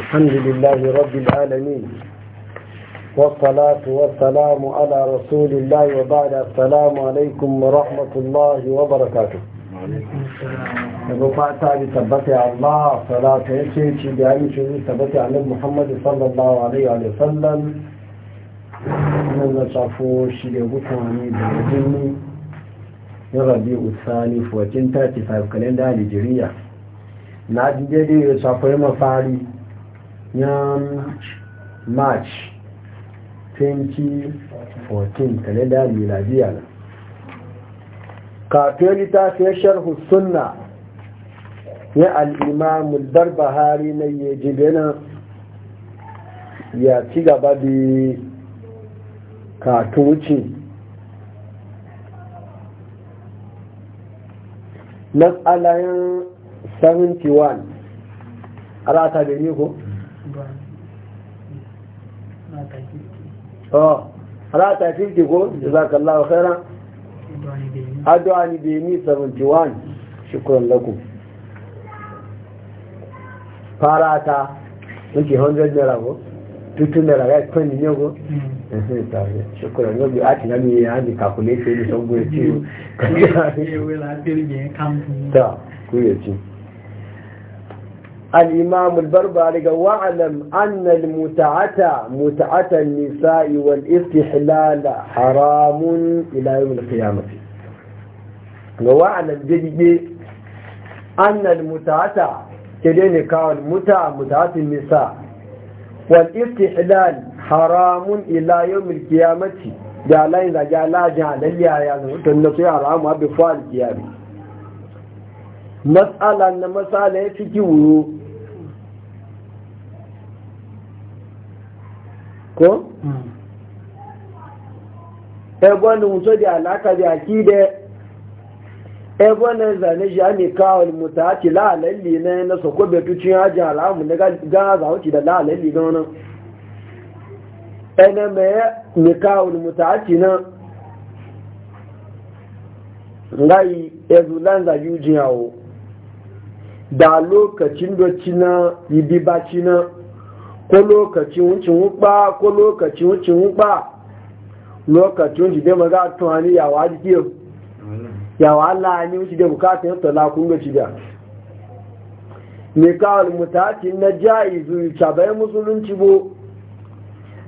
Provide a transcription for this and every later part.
الحمد لله رب العالمين والصلاة والسلام على رسول الله وبعد السلام عليكم ورحمة الله وبركاته وعليكم السلام تبتع الله صلاة محمد صلى الله عليه وسلم فوتين نادي yan march 2014 kalenda miladiya na kafin littafin sharhu sunna ya al'imamul barbahari na yaji benin ya ci gaba da katuci matsalayin 71 ala da da ko? ala ta fifty ko jazakallahu khairan addu'a ni bi 71 shukran lakum farata nake 100 naira ko tutu naira ga kan ni ko eh ta shukran no bi ati na ya ni calculate ni so go ti ko ya we la ti ni e ta ku ti الإمام البربري واعلم أن المتعة متعة النساء والاستحلال حرام إلى يوم القيامة واعلم جدي أن المتعة كدين قال متعة متعة النساء والاستحلال حرام إلى يوم القيامة جعلين إذا جعل اللي يعني تنطيع حرام وبفعل قيامي مسألة أن مسألة في كيورو ko ebe na wuce da alaka da aki da ebe na zane shi ami kawal muta ake la'alalli na na sako betucin hajjin al'amu na gaza wuce da la'alalli na wani ene mai mikawul muta ake na ngayi ezulan da yujin da lokacin doci na ibi na ko lokacin wucin wuba ko lokacin wucin wuba lokacin wucin dai maza tunani yawa jikiyo yawa Allah ne wucin dai bukatun yadda lakun ga da ne da mutaci na zuri cabai musulunci bo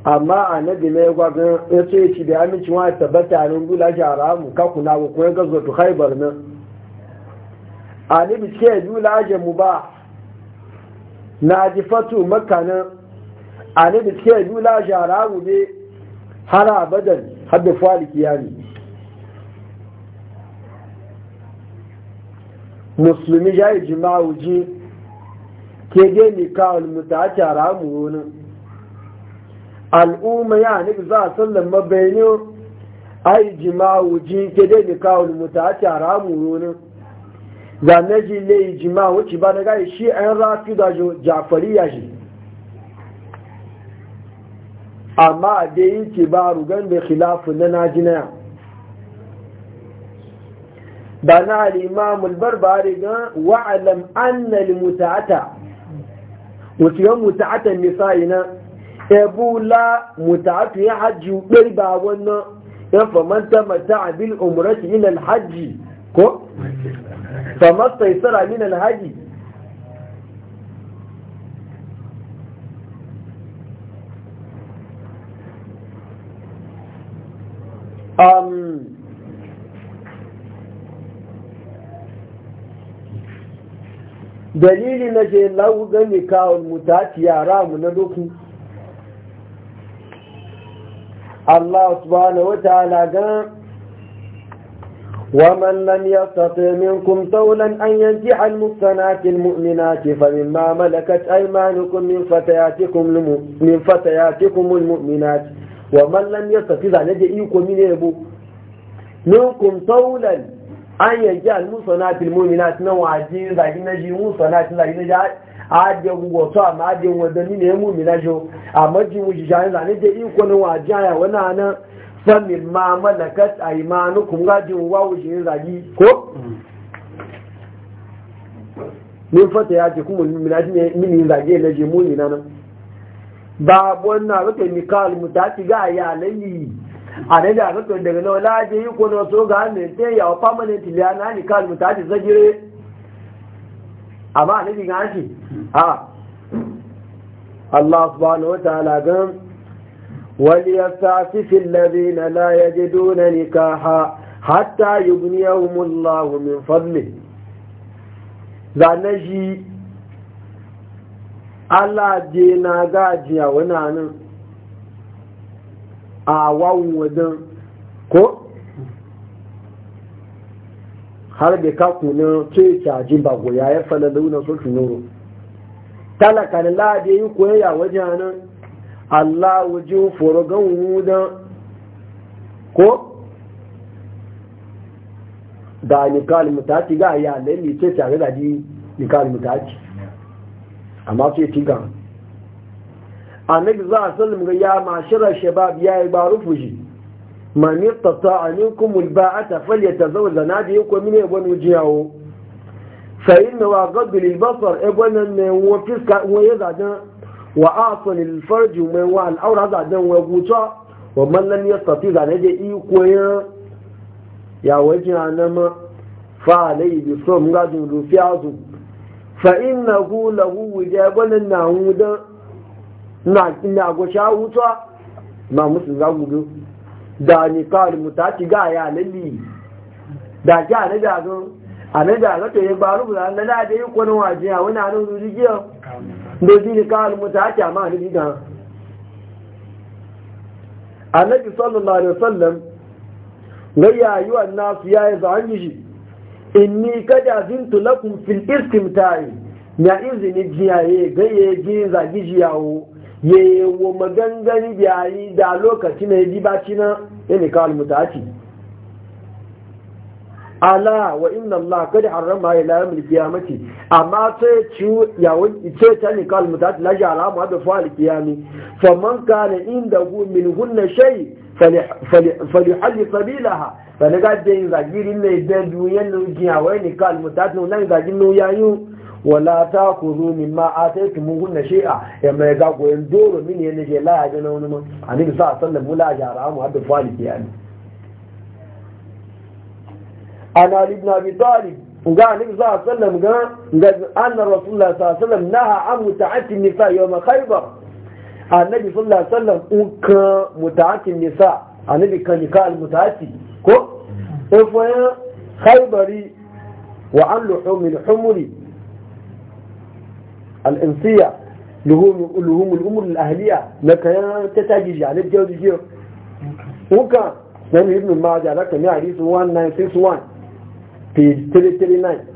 amma a na dina ya gwagan ya ce ci da amincin wani tabbata ne gula shi haramu kakuna ko kuma ya gazo tu haibar nan a ni biske ya jula ajiyar mu ba na ji fatu makanan a ne da suke jula shara ne har abadan har da fali kiyami musulmi ya yi jima'u ji ke gani kawal mutu a shara mu wani al'umma ya ne za a sallan mabayanin ai jima'u ji ke gani kawal mutu a shara mu wani zane ji ne jima'u ci ba na gai shi an rafi da ya shi amma a yi ce ba rugan da khilafu na najina ba na al'imam albarbari ga wa'alam annal muta'ata wasu muta'atan nisa'i na ebula muta'atu ya hajji ɗari ba wannan ya famanta mata abin umarci min alhaji ko famasta isra min alhaji Um, dalili na ce lauzan ne kawo muta ci yara mu na doki? Allah su ba na wata alaga wa mallan ya tafi min kun taunan an yanki an musta na cin mu'mina ce farin ma malakat min fata cikin mu'mina ce wa man ya yastati zane da iko mine yabo minkum tawlan an yanki al musanatil mu'minat na waji zagi na ji musanat zagi na ji aje gugo to amma aje wanda mine mu'mina jo amma ji wuji zane da iko na waji aya wana nan samin ma malakat aymanukum gajin wawu shi zagi ko min fata ya ce kuma mina shi ne mini zage na je mu'mina nan babu wannan suka yi mikawar mutu a ti ga yalani a nan da suka daga nawa laje yi kone wasu ga hannun ta yi yawa famanin tiliya na mikawar mutu a ti zagire a ba nabi ga shi a Allah subhanahu wa ta'ala gan wal yastafi alladhina la yajiduna nikaha hatta yi yughniyahumullahu min fadlihi da naji Allah je na gajiya wani anan, a wawun wajen ko har da kaku na ce caji goya ya fana launa sosu yoro talaka na lade yi koyaya wajen anan, Allah wajen foro gan wudan ko da nikali mutaci ga ya lalli ce tare da ji nikali mutaci amma sai tiga annabi za a sallam ga ya mashirar shabab ya yi baru fushi ta yattata aminkum alba'ata falyatazawwaj na da yako mine bonu jiyawo fa inna wa ghaddu lilbasar e ne wo fiska wo ya zaɗin wa a asan alfarj wa wa al'aura zaɗin wa guta wa man lam yastati zane da iko ya ya wajin anama fa alayhi bi sum gadun rufiazu fa inna hu lahu wujabanan na hudu na na gosha hutuwa ma musu za gudu da ni kawai mutaci ga ya lalli da ki a nada a zo a nada a zato ya ba rubu na nada da yi kwanu waje a wani anu zuri giya da zini kawai kawai mutaci a ma nabi da annabi sallallahu alaihi wasallam gayyayuwan yi nasu ya yi za an yi shi inni kada zintu lakum fil istimta'i ya izini jiyaye ga ye ji zagi jiyawo ye wo magangani biyayi da lokaci ne ji baci na yani kawal mutaci ala wa inna allah kada harrama ila yawmil qiyamati amma sai ci ya wani ce ta ne kawal mutaci la jara mu da fa qiyami fa man kana inda hu min hunna shay' falihalli sabilaha fani gaje yin zagiri ne idan duniyan nujin a wani kal mutatun nan zagin nuyayu wala ta ku zo min ma a ta yi mugun na shi'a ya mai ga koyon doro min ya nake laya ga wani ma a ni bisa sallan a jara mu hadda fali ke yani ana ga annabi sallallahu alaihi wasallam uka mutahatin nisa annabi kan nika al mutahati ko ifaya khaybari wa an luhum al humri al insiya luhum luhum al umur al ahliya na kayan ta taji annabi jawo jiyo uka nan ibn majah da kan hadisi 1961 page 339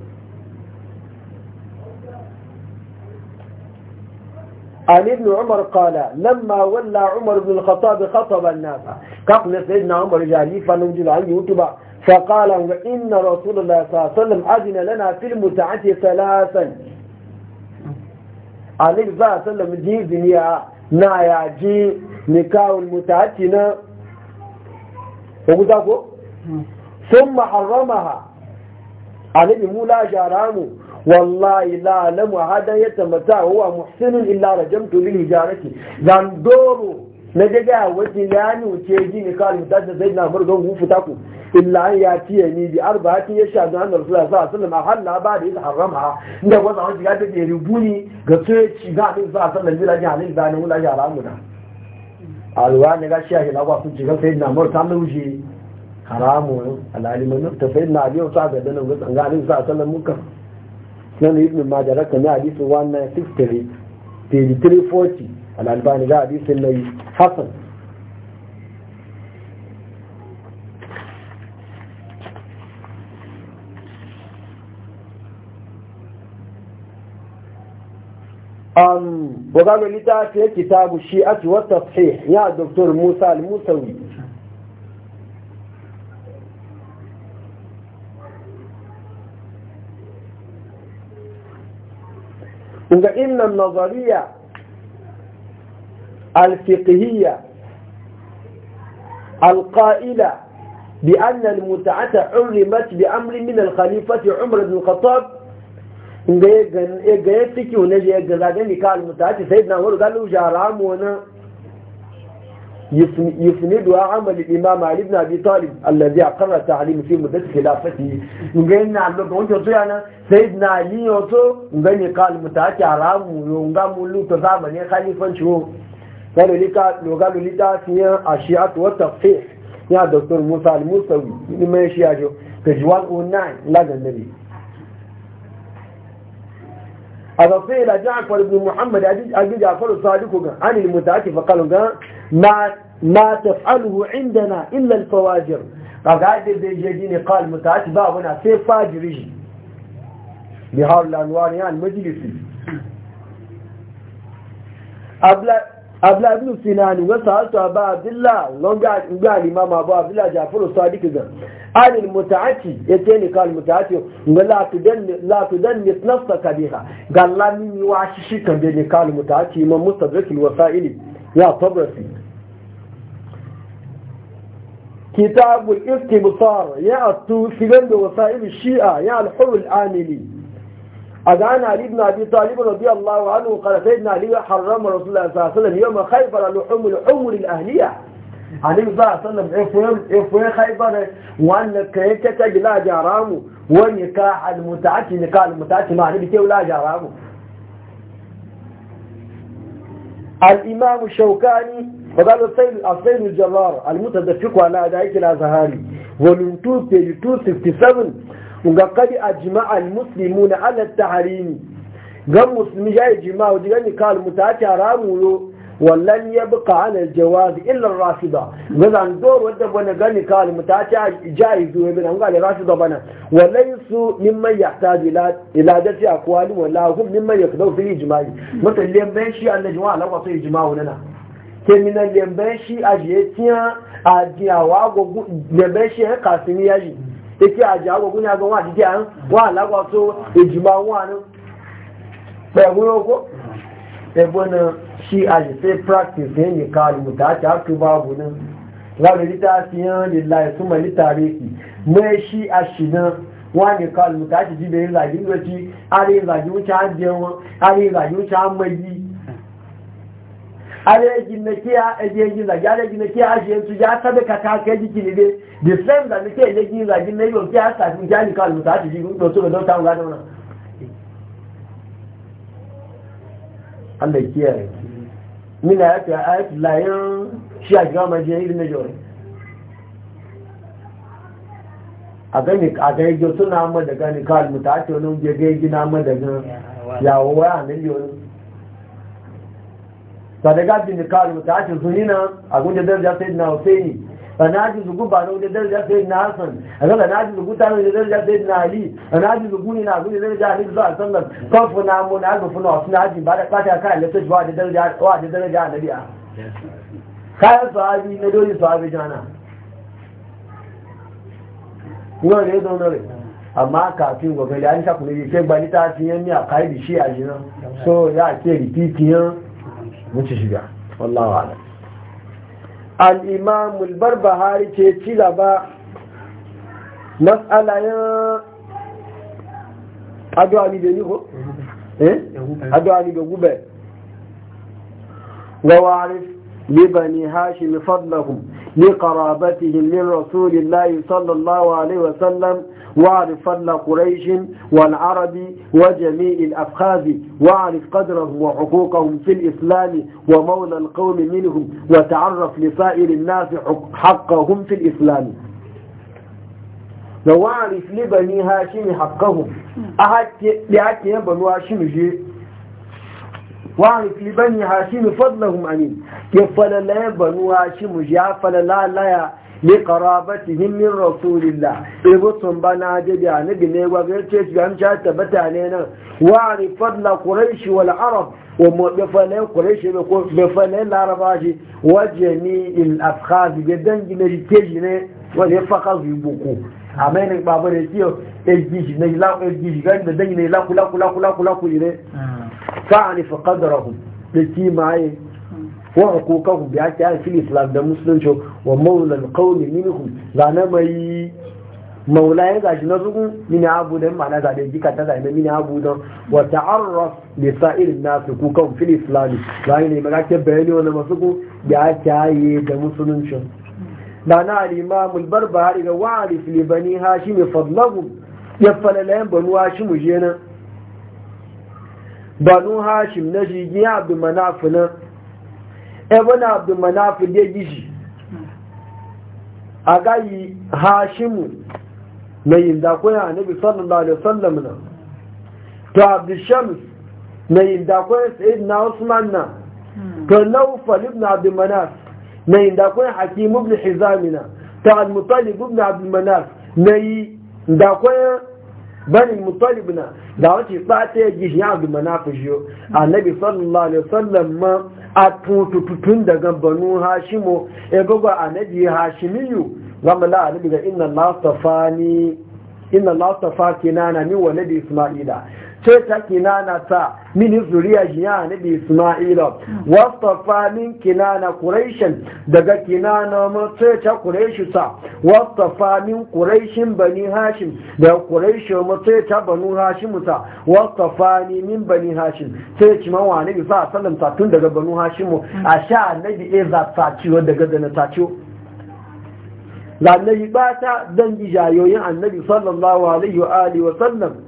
عن ابن عمر قال لما ولى عمر بن الخطاب خطب الناس قبل سيدنا عمر جاري فنوجد عنه يوتبا فقال إن رسول الله صلى الله عليه وسلم أذن لنا في المتعة ثلاثا عليه صلى الله عليه وسلم جي دنيا نا يا جي نكاو المتعة نا ثم حرمها عليه مولا جارامو wallahi la alamu hadan ya tamata huwa muhsinun illa rajamtu bil hijarati zan doro na daga waje ya ni wuce ji ne kawai mutar da zai namar don gufu taku illa an ya ciye ni bi arba'atin ya sha zuwa annar sallallahu alaihi wasallam a halla ba da yasa harama inda kuma wani shiga take rubuni ga tsoyaci ga abin sa sallan jira ji halin da ne wula ya ramu na alwa ne ga shi ya hilawa sun ci shiga sai namar ta wuce haramu alalimin ta sai na biyo sa ga danin wasan ga abin sa sallan mukan nan ibn majah raka na hadisi 1963 page 340 al-albani ga hadisi mai hasan um وقالوا لتاتي كتاب الشيعة والتصحيح يا دكتور موسى الموسوي ان النظرية الفقهية القائلة بأن المتعة حرمت بأمر من الخليفة عمر بن الخطاب إن جاء يفتكي ونجي يجزاقين لكاء المتعة سيدنا عمر قال له جارام ونا yusnidu amal imam ali ibn abi talib allazi aqarra ta'lim fi muddat khilafati ngayin na lo gonjo tuyana sayyidna ali oto ngani qal mutaki aramu yunga mulu to zaman ya khalifa chu qalo lika lo galo lita fiya ashiyat wa tafsih ya doktor musa al musawi ni ma shi ajo tajwal 09 la gandari aga fela jaafar ibn muhammad aji jaafar sadiku ga anil mutaki fa kalu ga ma ma taf'aluhu indana illa al fawajir aga de de jeji ne qal mutaki ba wana sai fajiri bi hawl al anwar ya al majlis abla abdullahi ibn sinani wa sa'atu aba abdullah longa ga imam abu abdullah jafar sadiq zan alil mutaati yatani kal mutaati ngala la tudan la tudan ni nafsaka kadiha. ga ni wa shi kan da kal mutaati imam mustadrak al wasail ya tabrasi kitab al istibsar ya atu sigan da wasail shi'a ya al hur al amili أدعان علي بن أبي طالب رضي الله عنه قال سيدنا علي حرم رسول الله صلى الله عليه وسلم يوم خيبر لحوم الحمر الأهلية علي صلى الله عليه وسلم إفهم إفوين خيبر وأن كريتك لا جرامه ونكاح المتعتي نكاح المتعتي ما علي بكيو لا جرامه الإمام الشوكاني فقال السيد السيد الجرار المتدفق على أدائك الأزهاري volume 2 page nga kadi ajma al na ala tahrimi ga musulmi ya ijma wa diga ni kal ta ramu yo wallan yabqa ala al jawaz illa al rafida ga zan dor wadda bana ga ni kal mutati jaizu ya e bana ga al rafida bana walaysu mimman yahtaju ila ila dati aqwali wala hum mimman yakdu fi ijma'i mutallim ban shi al jama'a yi wa wani na. ke mina lemben shi ajiye tiyan ajiyawa gogun lemben shi ya kasimi yaji èké àjà agogo ní agan wọn àdídí àrùn wọn àlágbà tó èjìmọ̀ àwọn àrùn pẹ̀lú ọkọ́ ẹgbọ́n na ṣí àṣìṣe practice ní nìkan àlùmọ̀tà àti àtúbàbò náà láwọn èlítà fi hàn lè la ìsúnmọ̀ níta rèéfì mọ́ ẹ àṣìná wọn nìkan àlùmọ̀tà àti jíbe ìlàjì ń lọ sí alejin na kiya alejin zagi alejin na kiya ajiyar su ya sabe ka kake jiki ne dai the same da nake alejin zagi na yau kiya sa fi jani kawai mutu hati shi gudu su ga don tamu gada wannan Allah kiyaye layin shi a gama majiyar irin na jori a gani a gani suna amma da gani kawai mutu hati wani gege gina amma da sadaka bin kalu ta ci sunina a gudun daraja sai na husaini anaji zugu ba na gudun daraja sai na a ga anaji zugu ta gudun daraja sai na a anaji zugu ne na gudun daraja ali zuwa sallan kafu na mu na gafu na wasu naji ba da kata kai lafiya da wa da daraja annabi a kayan sahabi na dole sahabi jana yau ne zo nore amma kafin gobe da an shaku ne ke gbani ta fiye miya kai bishi a so ya ke ripitiyan متشجع والله أعلم الإمام البربهاري تيتلبا مسألة يا أدو علي إيه أدو علي بقبال ووعرف لبني هاشم فضلهم لقرابتهم للرسول الله صلى الله عليه وسلم واعرف فضل قريش والعرب وجميع الأفخاذ واعرف قدرهم وحقوقهم في الإسلام ومولى القوم منهم وتعرف لسائر الناس حقهم في الإسلام واعرف لبني هاشم حقهم لأكي بني هاشم جي واعرف لبني هاشم فضلهم أمين كيف فلا لا بني هاشم جي فلا لا لا لقرابتهم من رسول الله إبطن بنا جدا نبني وغيرتش بهمشا تبتانينا وعن فضل قريش والعرب ومفلين قريش بفلين العرباش وجميع الأفخاذ جدا جنجتجنا ونفقظ يبقوا amene baba retio ejiji ne la ejiji gan da dai ne la kula kula kula kula kula ire fa ani fa qadrahum bi ti mai wa hukukahu bi a ahli islam da musulunci wa maula alqawli minhum zana mai maula ya gashi na zugun mini abu da ma'ana zaɓe jika ta zaɓe mini abu don wa ta'arraf li sa'ir nasu ku kan fil islam zai ne maka ke bayani wani masu ku ya kyaye da musulunci da na al-imam al-barbahari ga wa'arif li bani hashim fadlahu ya falalayan banu hashim jenan banu hashim na jigi abu manaf na ebon abdulmanafi dai gishi a gayi hashimu mai yin a nabi sallallahu alaihi wasallam na to abdushams mai yin dakwai sa'id na usman na to naufal ibn abdulmanaf mai yin dakwai hakim ibn hizamina to al-mutalib ibn abdulmanaf mai dakwai bani mutalib na da wace tsata ya gishi ya abdulmanaf shi nabi sallallahu alaihi wasallam ma a tututun daga banu hashimu ya e gaba a nabi hashimiyu gama la'adu daga inna lafafa ke nana ni wa nabi isma'ila ce ta kinana ta mini zuriya jiya na bi isma'ila wastafa min kinana quraishin daga kinana ma ce ta quraishi ta wastafa min quraishin bani hashim da quraishi ma ce ta banu hashim ta wastafa ni min bani hashim ce ci ma wani bi sa sallam ta tun daga banu hashim a sha annabi e za ta ciwo daga da na ta ciwo lannabi ba ta dan gijayoyin annabi sallallahu alaihi wa alihi wa sallam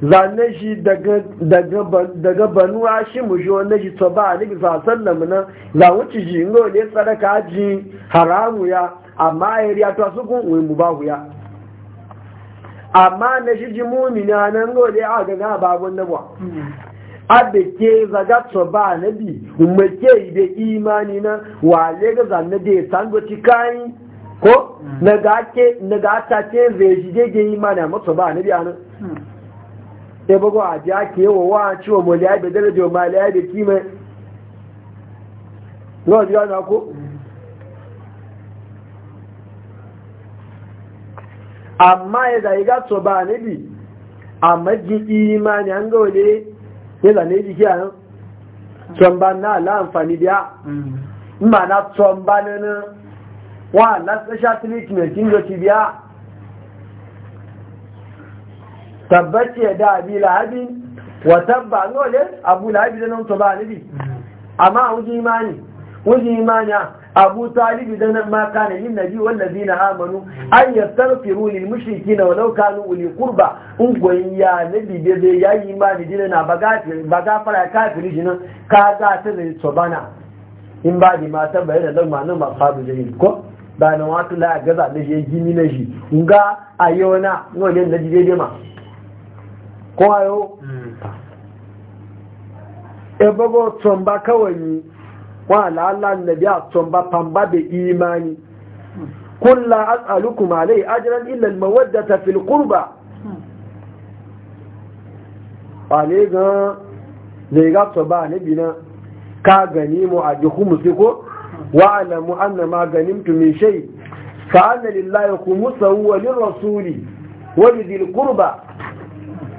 zane shi daga banu a shi wanda shi ta a nufi sasallam nan za wuce shi ingo ne tsaraka ji haramu ya amma a yari ta su kun uwe mu bahu ya amma na shi ji mumina nan go ne a gaga na nabuwa abe ke zaga ta a nabi umarke ibe imani na wale ga zane da ya tango kayan ko hmm. na daga atace zai jide yi mana masu ba hmm. e na biya nan ya bago a ji ake yi wa ciwo mali ya bai darajo mali ya bai kima yau ji yana ko amma ya e zai ga so ba hmm. na bi a maji imani an ga wale ya zane jiki a nan tsomba na ala amfani biya ma na tsomba na nan wa lasasha treatment kin da biya tabbace da abi lahabi wa tabba nole abu lahabi da nan to ba nabi amma wuji imani wuji imani abu talibi da nan ma kana yin nabi wallazi na amanu an yastaghfiru lil na walau kanu uli qurba in goyya nabi da ya yi imani dina na bagafir bagafara kafiri jinan ka za ta zai tobana. in ba di ma tabbayar da zan ma nan ba fabu jahil ko ba na wata la gaza na shi gini na shi nga a yi wana wani na ji daidai ma ko ayo hmm. ebogo tsomba kawai ni wa la'alla annabi a tsomba pamba da imani hmm. kun la as'alukum alai ajran illa al-mawaddata fil qurba hmm. ale ga zai ga tsomba ne bina ka gani mu a jihu musu ko wa'alamu anna ma ganimtum min shay fa anna lillahi khumsahu wa lirrasuli wa lidhil qurba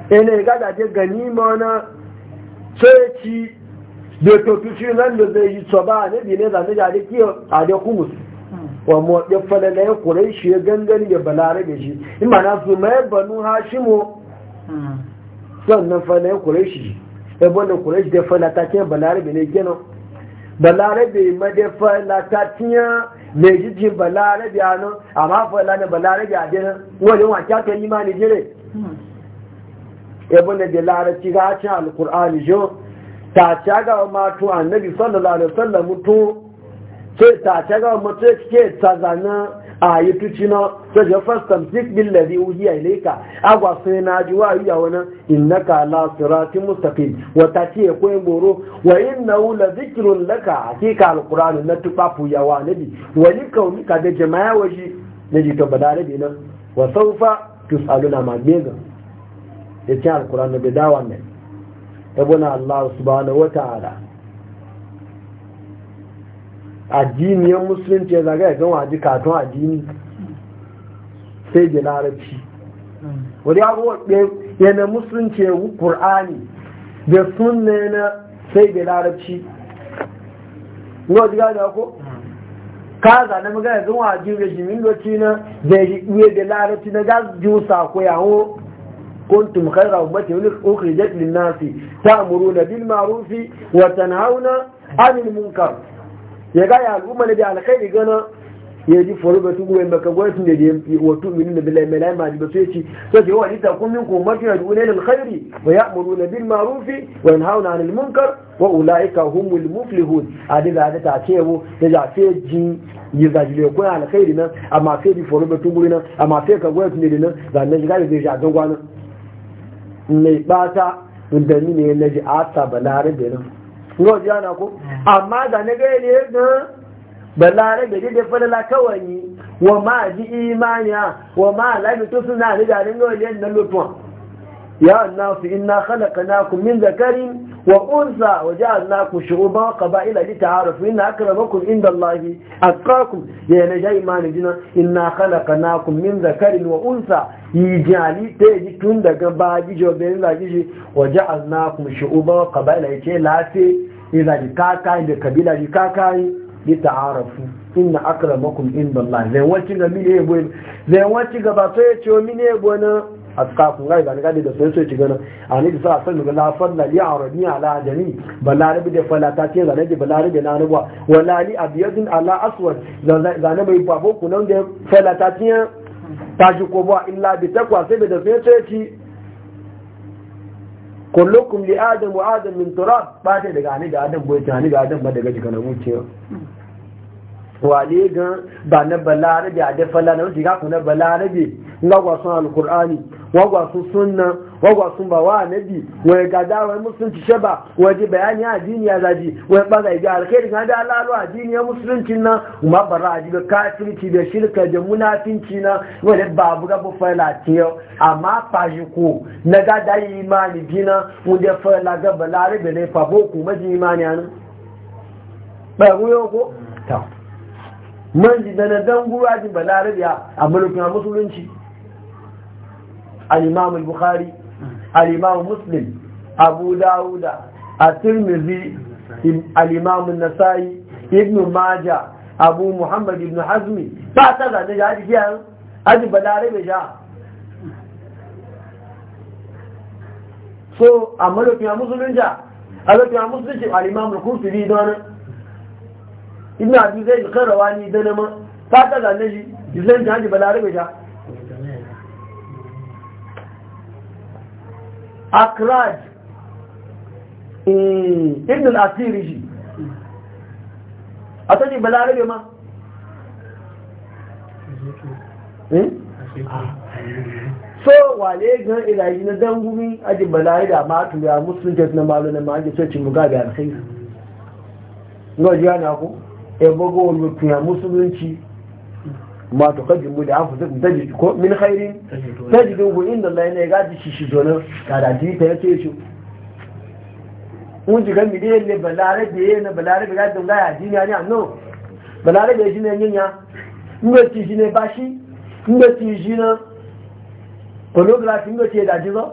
ene ga da je ganima na ceci da totuci nan da zai yi tsoba ne bi ne da ne da da kiyo a wa mu da falala ya quraishi ya ya balarabe shi in ma na su mai banu hashimu sannan falala ya quraishi ebe da quraishi da ta ke balarabe ne kenan balarabe madafa latatiya mai jiji balarabe a nan amma fala na balarabe a dinan wani wakya ta yi mani jire ibn da larabci ga cin alkur'ani jo ta caga mato annabi sallallahu alaihi wasallam to sai ta caga mato ke tsazana a yi tuci na ta jafar tamsik bin lari a ilaika agwa sai na ji wa yi wani ka la sirati mustaqim wata ce ya koyi goro wa inna wula zikirun laka ka alkurani na tufafu yawa nabi wa kauni kaunika da jama'a na ji to badare bi nan wa tus tusaluna ma ya ce alkurani da dawa ne yabona allah subhanahu wa ta'ala addiniyar musulunci ya zagaya don waje katon addini sai da larabci wadda ya kuwa yana musulunci ya ƙur'ani da sunna na sai da larabci yau diga da ko ka zane magana gan waji rejimin lokaci na da ya da larabci na wusa ko yawo كنتم خير أمة أخرجت للناس تأمرون na وتنهون عن munkar ya ga ya al'umma ne da alkhairi gana ya ji faru ba tugu mai ka gwamnatin da ya wa wato minin da bilai mai laima ba sai ci sai ce wani ta kun ku mafi da alkhairi lil ya wa na bin ma'rufi wa yanhauna 'anil munkar wa ulaika humul muflihun adiga da ta ce bu da ja fe ji yi zajile ko alkhairi nan amma sai ji faru ba tugu nan amma sai ka gwamnatin da nan da na, ga da a don gwanin mai bata da ni ne na ji asa balare da nan yau ji mm. amma da na gaya ne kawai ma ji imaniya wọ́n ma lamitu suna da garin yau ne na lutuwa ya annasu inna khalaqnakum min zakarin wa unsa wa ja'alnakum shu'uban wa qaba'ila lita'arafu inna akramakum ya na tun daga إذا جكاكاي بكبيلة جكاكاي لتعارفوا إن أكرمكم إن بالله زين وانتي غمين يبوين زين وانتي غباطوية تيومين يبوين أتقاكم غايبا أنا قاعد يدفن سويتي غنا أنا دي صلاة صلى الله فضل لي عربي على جميع بلا ربي دي فلا تاتي غنا دي بلا ربي نانبوا ولا لي أبيض على أسود زانا بيبابوكو نون دي فلا تاتي تاجو كوبوا إلا بتاكوا سيبي دفن سويتي kullukum li adam wa adam min turab ba ta daga ni da adam boye tani ga adam ba daga jikan wa wale ga ba na rabi a da fala na wuce ga kuma na rabi ga gwasun alqur'ani wa gwasun sunna wagwa sun ba wa nabi wai gada wai musulunci shaba waje bayani a dini ya zaji wai baga ga kan hada alalu a dini ya musulunci na kuma bara a jiga kafirci da shirka da munafinci na wani babu gabu fala tiyo amma fashi ko na gada yi imani dina wanda fala gaba larabe ne fa boko maji imani anan ba guyo ko ta manji da na dangu ajin balarabe a mulkin musulunci al-imam al-bukhari al-imam muslim abu dauda at-tirmidhi al-imam an-nasa'i abu muhammad ibn hazmi ba ta da da hadisi aji balare be ja so amalo ki musulmin ja alo ki musulmin al-imam al-qurtubi don ibn abi zaid kharawani dan ma balare ja akraj hmm. ibn al-asiri shi a sani balarabe ma hmm? so wale gan ilayi na dangumi aji balarabe a matu ya musulun jet na malu na ma'aji so cin mugabe alkhairu ga jiya na ku ebogo olukun ya musulunci ما تقدم بودي عفوزك تجد من خير تجد وإن الله إنه قادي شيشي زونه قادة دي تيشو ونجي قمي دي اللي بلاري بيهنا بلاري بقاد دم لاي عديني عني عنو بلاري بيجينا يعني يعني. ينيا نجي تيجينا باشي نجي تيجينا قلوب لا تنجي تيجينا جيزا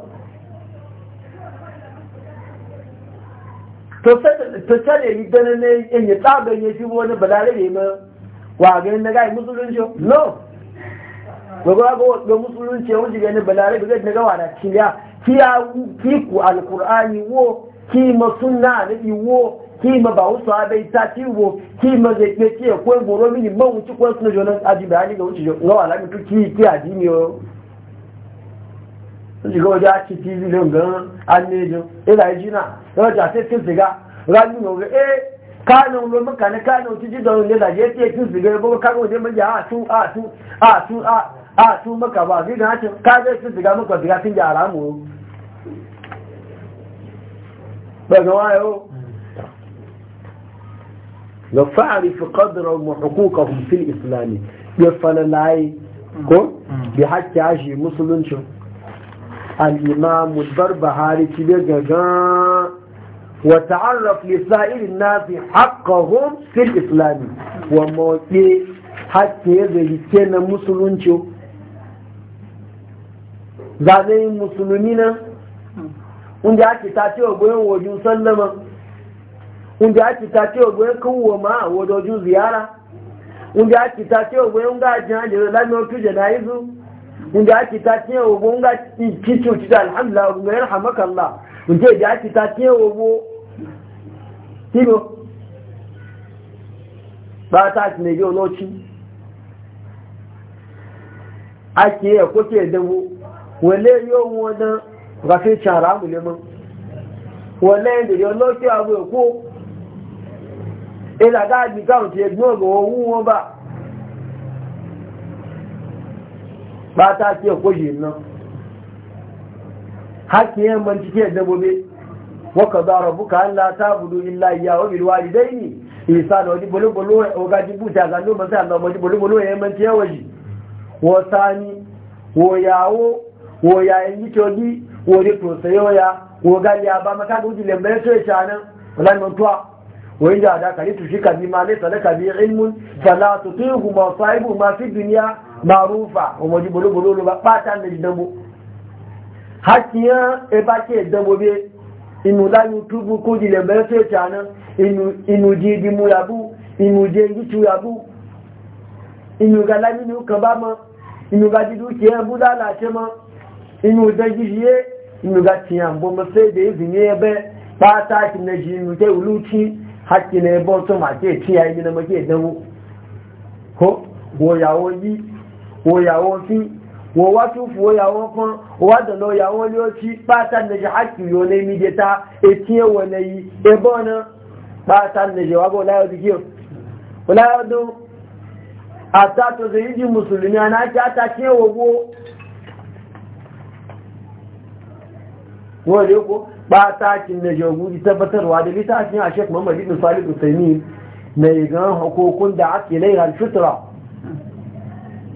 تسالي يدنا ني اني تابع يجيبوا بلاري بيهنا wa ga yin daga musulunci no gwagwa ga musulunci yawon jiga ne balare ga daga wa na kiliya kiya ki ku alkur'ani wo ki ma sunna iwo wo ki ma ba wasu abai ta ti wo ki ma zai ke ce ko goro mini man wuci ko suna jonas aji bayani ga wuci ga wala mi to ki ki adini o sun shiga waje a ci tv don gan an ne jo ila jina da wajen a sai sun shiga rani ga eh kanin ruwan makanin kanin cikin da wani da ya ce cin sigari ba kanin wajen mai a su a su a su a su maka ba zai ga hacin kaje cin sigari maka siga sun gyara mu ba ga fa'ari fi fil ko bi hakki ashi musulunci al-imam al-barbahari ci daga gan وتعرف لسائر الناس حقهم في الإسلام وموتي حتى يزيكينا مسلونشو زاني مسلمين عند أكتاتي وبين وجو سلم عند أكتاتي وبين كوما وجو زيارة عند أكتاتي وبين غاجان لم يوتو جنائزو عند أكتاتي وبين غاجان كيتو الحمد لله وبين رحمك الله ǹjẹ́ ìjà ti ta tí owó kílò bàtà àti nìyí olóòtú a kì í ẹ̀kọ́ tí ẹ̀dẹ́wó wọlé yóò wọn dán rafi ṣàrá múlẹ̀ mọ́ wọlé ìdèrè olóòtú àwọn èkó ìlàgá ọ̀gọ̀ owó wọn bá bàtà haƙƙi yin bincike da gobe waka za rabu ka Allah ta budu illa iya wa bil walidaini isa da wani bulubulu o ga jibu ta ga numa sai Allah wani bulubulu ya manci ya waji wo sani wo yawo wo yayin yitogi wo ne prosayo ya wo ga ya ba maka guji lembe to ya shanan wallahi mun tuwa wa inda da kare to shi ka bi ma laysa laka bi ilmun fala tutihu ma sahibu ma fi dunya ma'rufa o mo bulubulu ba patan da jidabu hakiyan ebake dabobe inu layu tubu ko jile mẹ́fẹ́ ìtànà inu jí ibi mú yàbú inu jẹ ìjítù yàbú inu ga lámínú kan ba mọ́ inu ga jídú kí ẹ búdá láṣẹ mọ́ inu jẹ jíṣiye inu ga tìyàn bọ́ mọ́fẹ́ èdè ìzì ní ẹbẹ́ pátá ti nẹ e jì inu jẹ́ ìlú tí hakì na ẹbọ́ tó mà jẹ́ ìtìyà ẹni na mọ́ wo ìdánwò kó wòyàwó yí wòyàwó fín wọ́n wá tún fún òyàwó fún wá dànà òyàwó ní ó tí pátá nẹ̀jẹ̀ hàkì yóò ní mi jẹ ta etí ẹwọ̀ nẹ̀ ẹbọ́ náà pátá nẹ̀jẹ̀ wá bọ̀ da littafin a sheik muhammad ibn salih usaimi mai gan da ake lairar fitra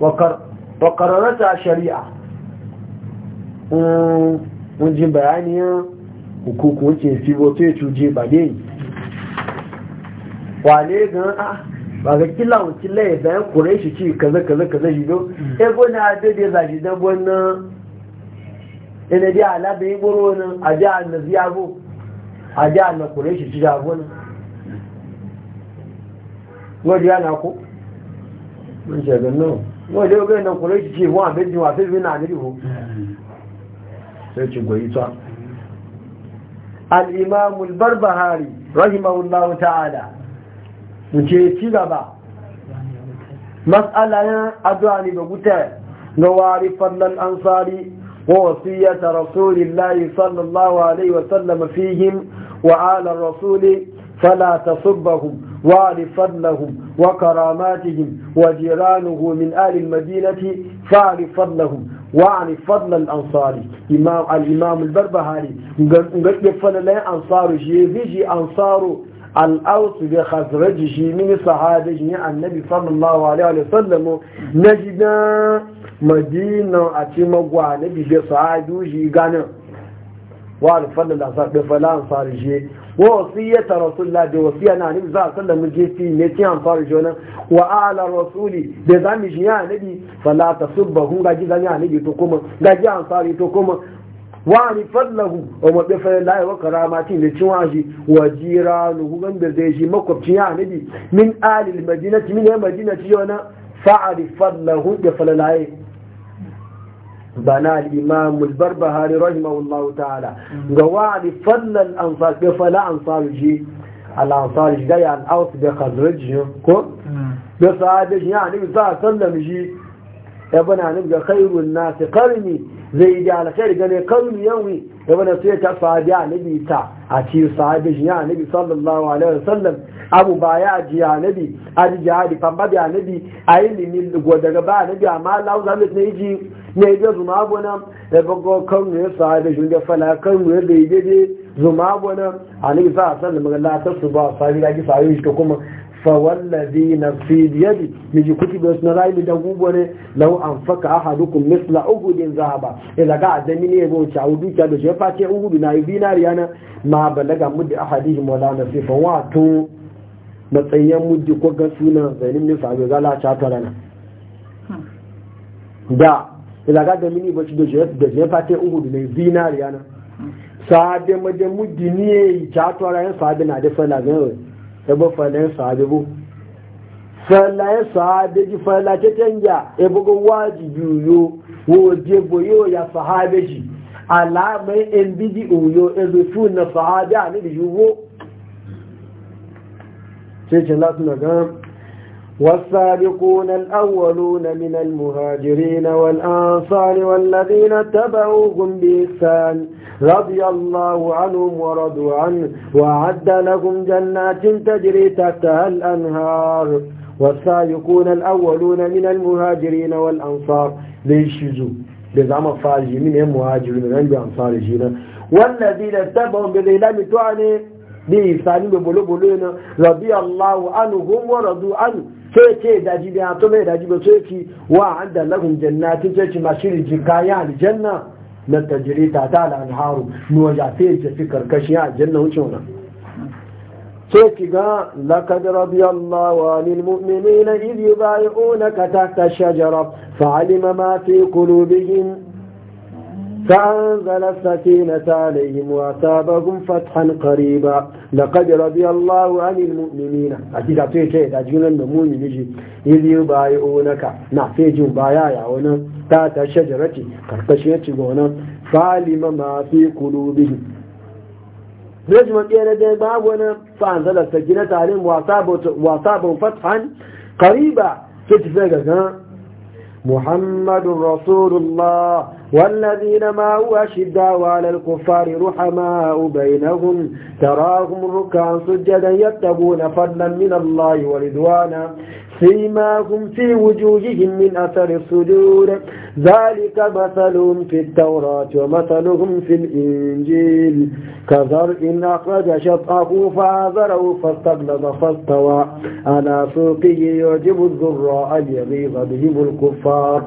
wakar wa qararata shari'a mun ji bayaniya hukuku wuce fi wato ya cuje ba dai wale gan a ba ga kila wucin laye da ya kure shi ci kaza kaza kaza shi do e gona da da zaji da gona ina da ala da iboro nan a da annabi abu a kure shi ci da gona godiya na ku mun ce ga nan 因为刘备能活了几万，没几万，这边哪里有？这经过一转。الإمام البربهاري رحمه الله تعالى نجي تيغابا مسألة أدواني بقوتا نواري فضل الأنصار ووصية رسول الله صلى الله عليه وسلم فيهم وعلى الرسول فلا تصبهم وعرف فضلهم وكراماتهم وجيرانه من أهل المدينة فاعرف فضلهم وعن فضل الأنصار إمام الإمام البربهاري قد فضل أنصار جيزي أنصار الأوس بخزرج من صحابة جميع النبي صلى الله عليه وسلم نجد مدينة أتيما وعنبي بصحابة جيغانا وعن فضل الأنصار بفلا أنصار جيزي wa wasiyata rasulullah da wasiya na annabi za a sallar mu je fi ne ci an fara wa ala rasuli da za mu shi ya nabi fala tasubba hun gaji zan ya nabi to kuma gaji an fara to kuma wa ni fallahu! wa mabe fa la wa karamati da cin shi wa jiranu hu da zai shi makwabcin ya nabi min alil madinati min madinati yona fa'arif fadlahu da falalaye بنا الإمام البربهاري رحمه الله تعالى قوال فضل الأنصار بفلا أنصار جي الأنصار جي قال الأوس بخزرج جي كو جي يعني بصحابة سلم جي يبنى نبقى يعني خير الناس قرني zai da alkhairi gane kalmi yawi da wani sai ta sahabi annabi ta a ci sahabi shi annabi sallallahu alaihi wasallam abu baya ji annabi aji jihadi famba bi a yi limin go daga ba annabi amma Allah za mu ne ji ne ga zuma gona da bago kalmi ya sahabi shi da fala kalmi ya zuma gona annabi sallallahu alaihi wasallam ga sahabi da sahabi shi kuma fawallazi نفسي بيدي miji كتب bi wasu na rayu mi dangu bane lau an faka ahadukum misla uhudin zahaba ila ga adami ne yabo ci awu dukiya da shefa ce uhudu na yi na ma muddi fa wato matsayin muddi ko ga zainin ne sabe ga la cha da ila ga da da uhudu na yi na muddi ya cha tarana na da fala ga ebo falen sahabibu falayen sahabeji falace canja ebo ga wajibi yo wo jebo yo ya sahabeji alamai en bidi uyo ezo na sahabi a ne da yuwo sai ce lati na gan والسابقون الأولون من المهاجرين والأنصار والذين اتبعوهم بإحسان رضي الله عنهم ورضوا عنه وأعد لهم جنات تجري تحتها الأنهار والسابقون الأولون من المهاجرين والأنصار ليشجوا بزعم الصالحين من المهاجرين من الأنصار جينا والذين تبعوا بظلام تعني بإحسان ببلو بلونا رضي الله عنهم ورضوا عنه sai ce daji da ya to mai daji ba sai ki wa anda lahum jannatin sai ki mashiri jikaya aljanna na tajiri ta ta alharu nuwa ya sai ki fi karkashi aljanna wuce wannan sai ki ga laqad radiyallahu anil mu'minina idh ka tahta shajara alima ma fi qulubihim فأنزل السكينة عليهم وأصابهم فتحا قريبا لقد رضي الله عن المؤمنين أكيد أعطيه شيء تجينا النمون يجي إذ يبايعونك نعفيج بايعي عونا تات الشجرة كرتشية عونا فعلم ما في قلوبهم نجم أن دين بابونا فأنزل السكينة عليهم وأصابهم فتحا قريبا كيف تفاقك محمد رسول الله والذين ما هو أشداء على الكفار رحماء بينهم تراهم ركعا سجدا يتبون فضلا من الله ورضوانا سيماهم في وجوههم من أثر السجود ذلك مثلهم في التوراة ومثلهم في الإنجيل كذر إن أخرج شطأه فعذره فاستغلظ فاستوى على سوقه يعجب الزراء ليغيظ بهم الكفار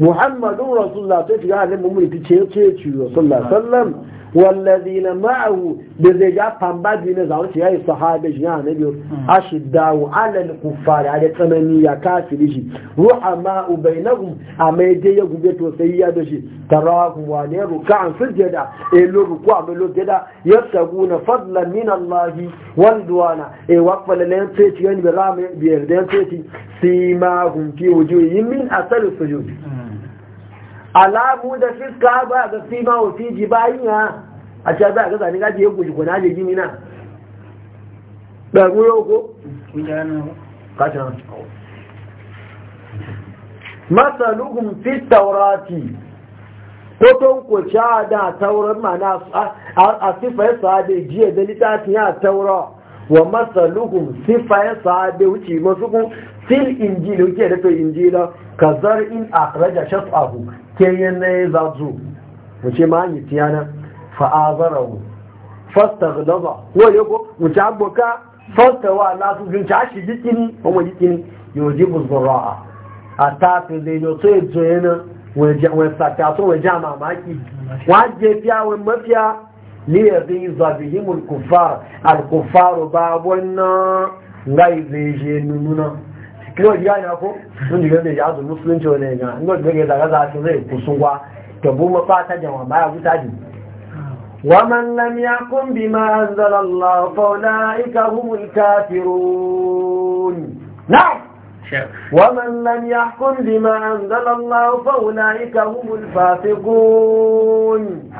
muhammadun rasulullah sai shiga halin mummuni ta ce ce ce rasulullah sallam wallazi na ma'ahu da zai ga famba biyu na zaune ya yi sahabe shi yana na biyu a shi dawo alal kufari a da tsanani ya kafiri shi ruha ma'u bai na gum a mai dai ya gube to sai ya da shi tarawa kuma wani ya ruka an sun jada e lo ruku a mai lo jada ya tagu na fadla min allahi wanduwana e wakfa lalayan tsoci yani bai rama biyar da yan tsoci sai ma hun fi yi min asali sujudi. alamu da fiska ba ga fima wuti ji bayin ya a ce za a gasa ni gaji ya guji kuna je gini na ɗaru yau ko? kashin masaluhun fi taurati ko ton ko da tauran mana a sifayen sahabe jiya da littafin ya taura wa masaluhun sifayen sahabe wuce masu fil injili kuke da to injila ka zar'in akhraja shat'ahu kenyen ne zazu wuce ma yi tiyana fa azarahu fastaghlaba wa yako wuce abuka fastawa la su jin ta shi jikini ko mu jikini yujibu zura'a ata to le yo to ejo yana we ja we sata to we ja mamaki wa je fiya we mafiya li yadhiza bihim al-kuffar al-kuffar babun ngai zejenu nuna kilo ji gane ko sun jiga da yazo musulunci wani ga ngo daga daga za su zai kusungwa to bu mafata jama'a baya gutaji ومن لم يقم بما أنزل الله فأولئك هم الكافرون نعم ومن لم يحكم بما أنزل الله فأولئك هم الفاسقون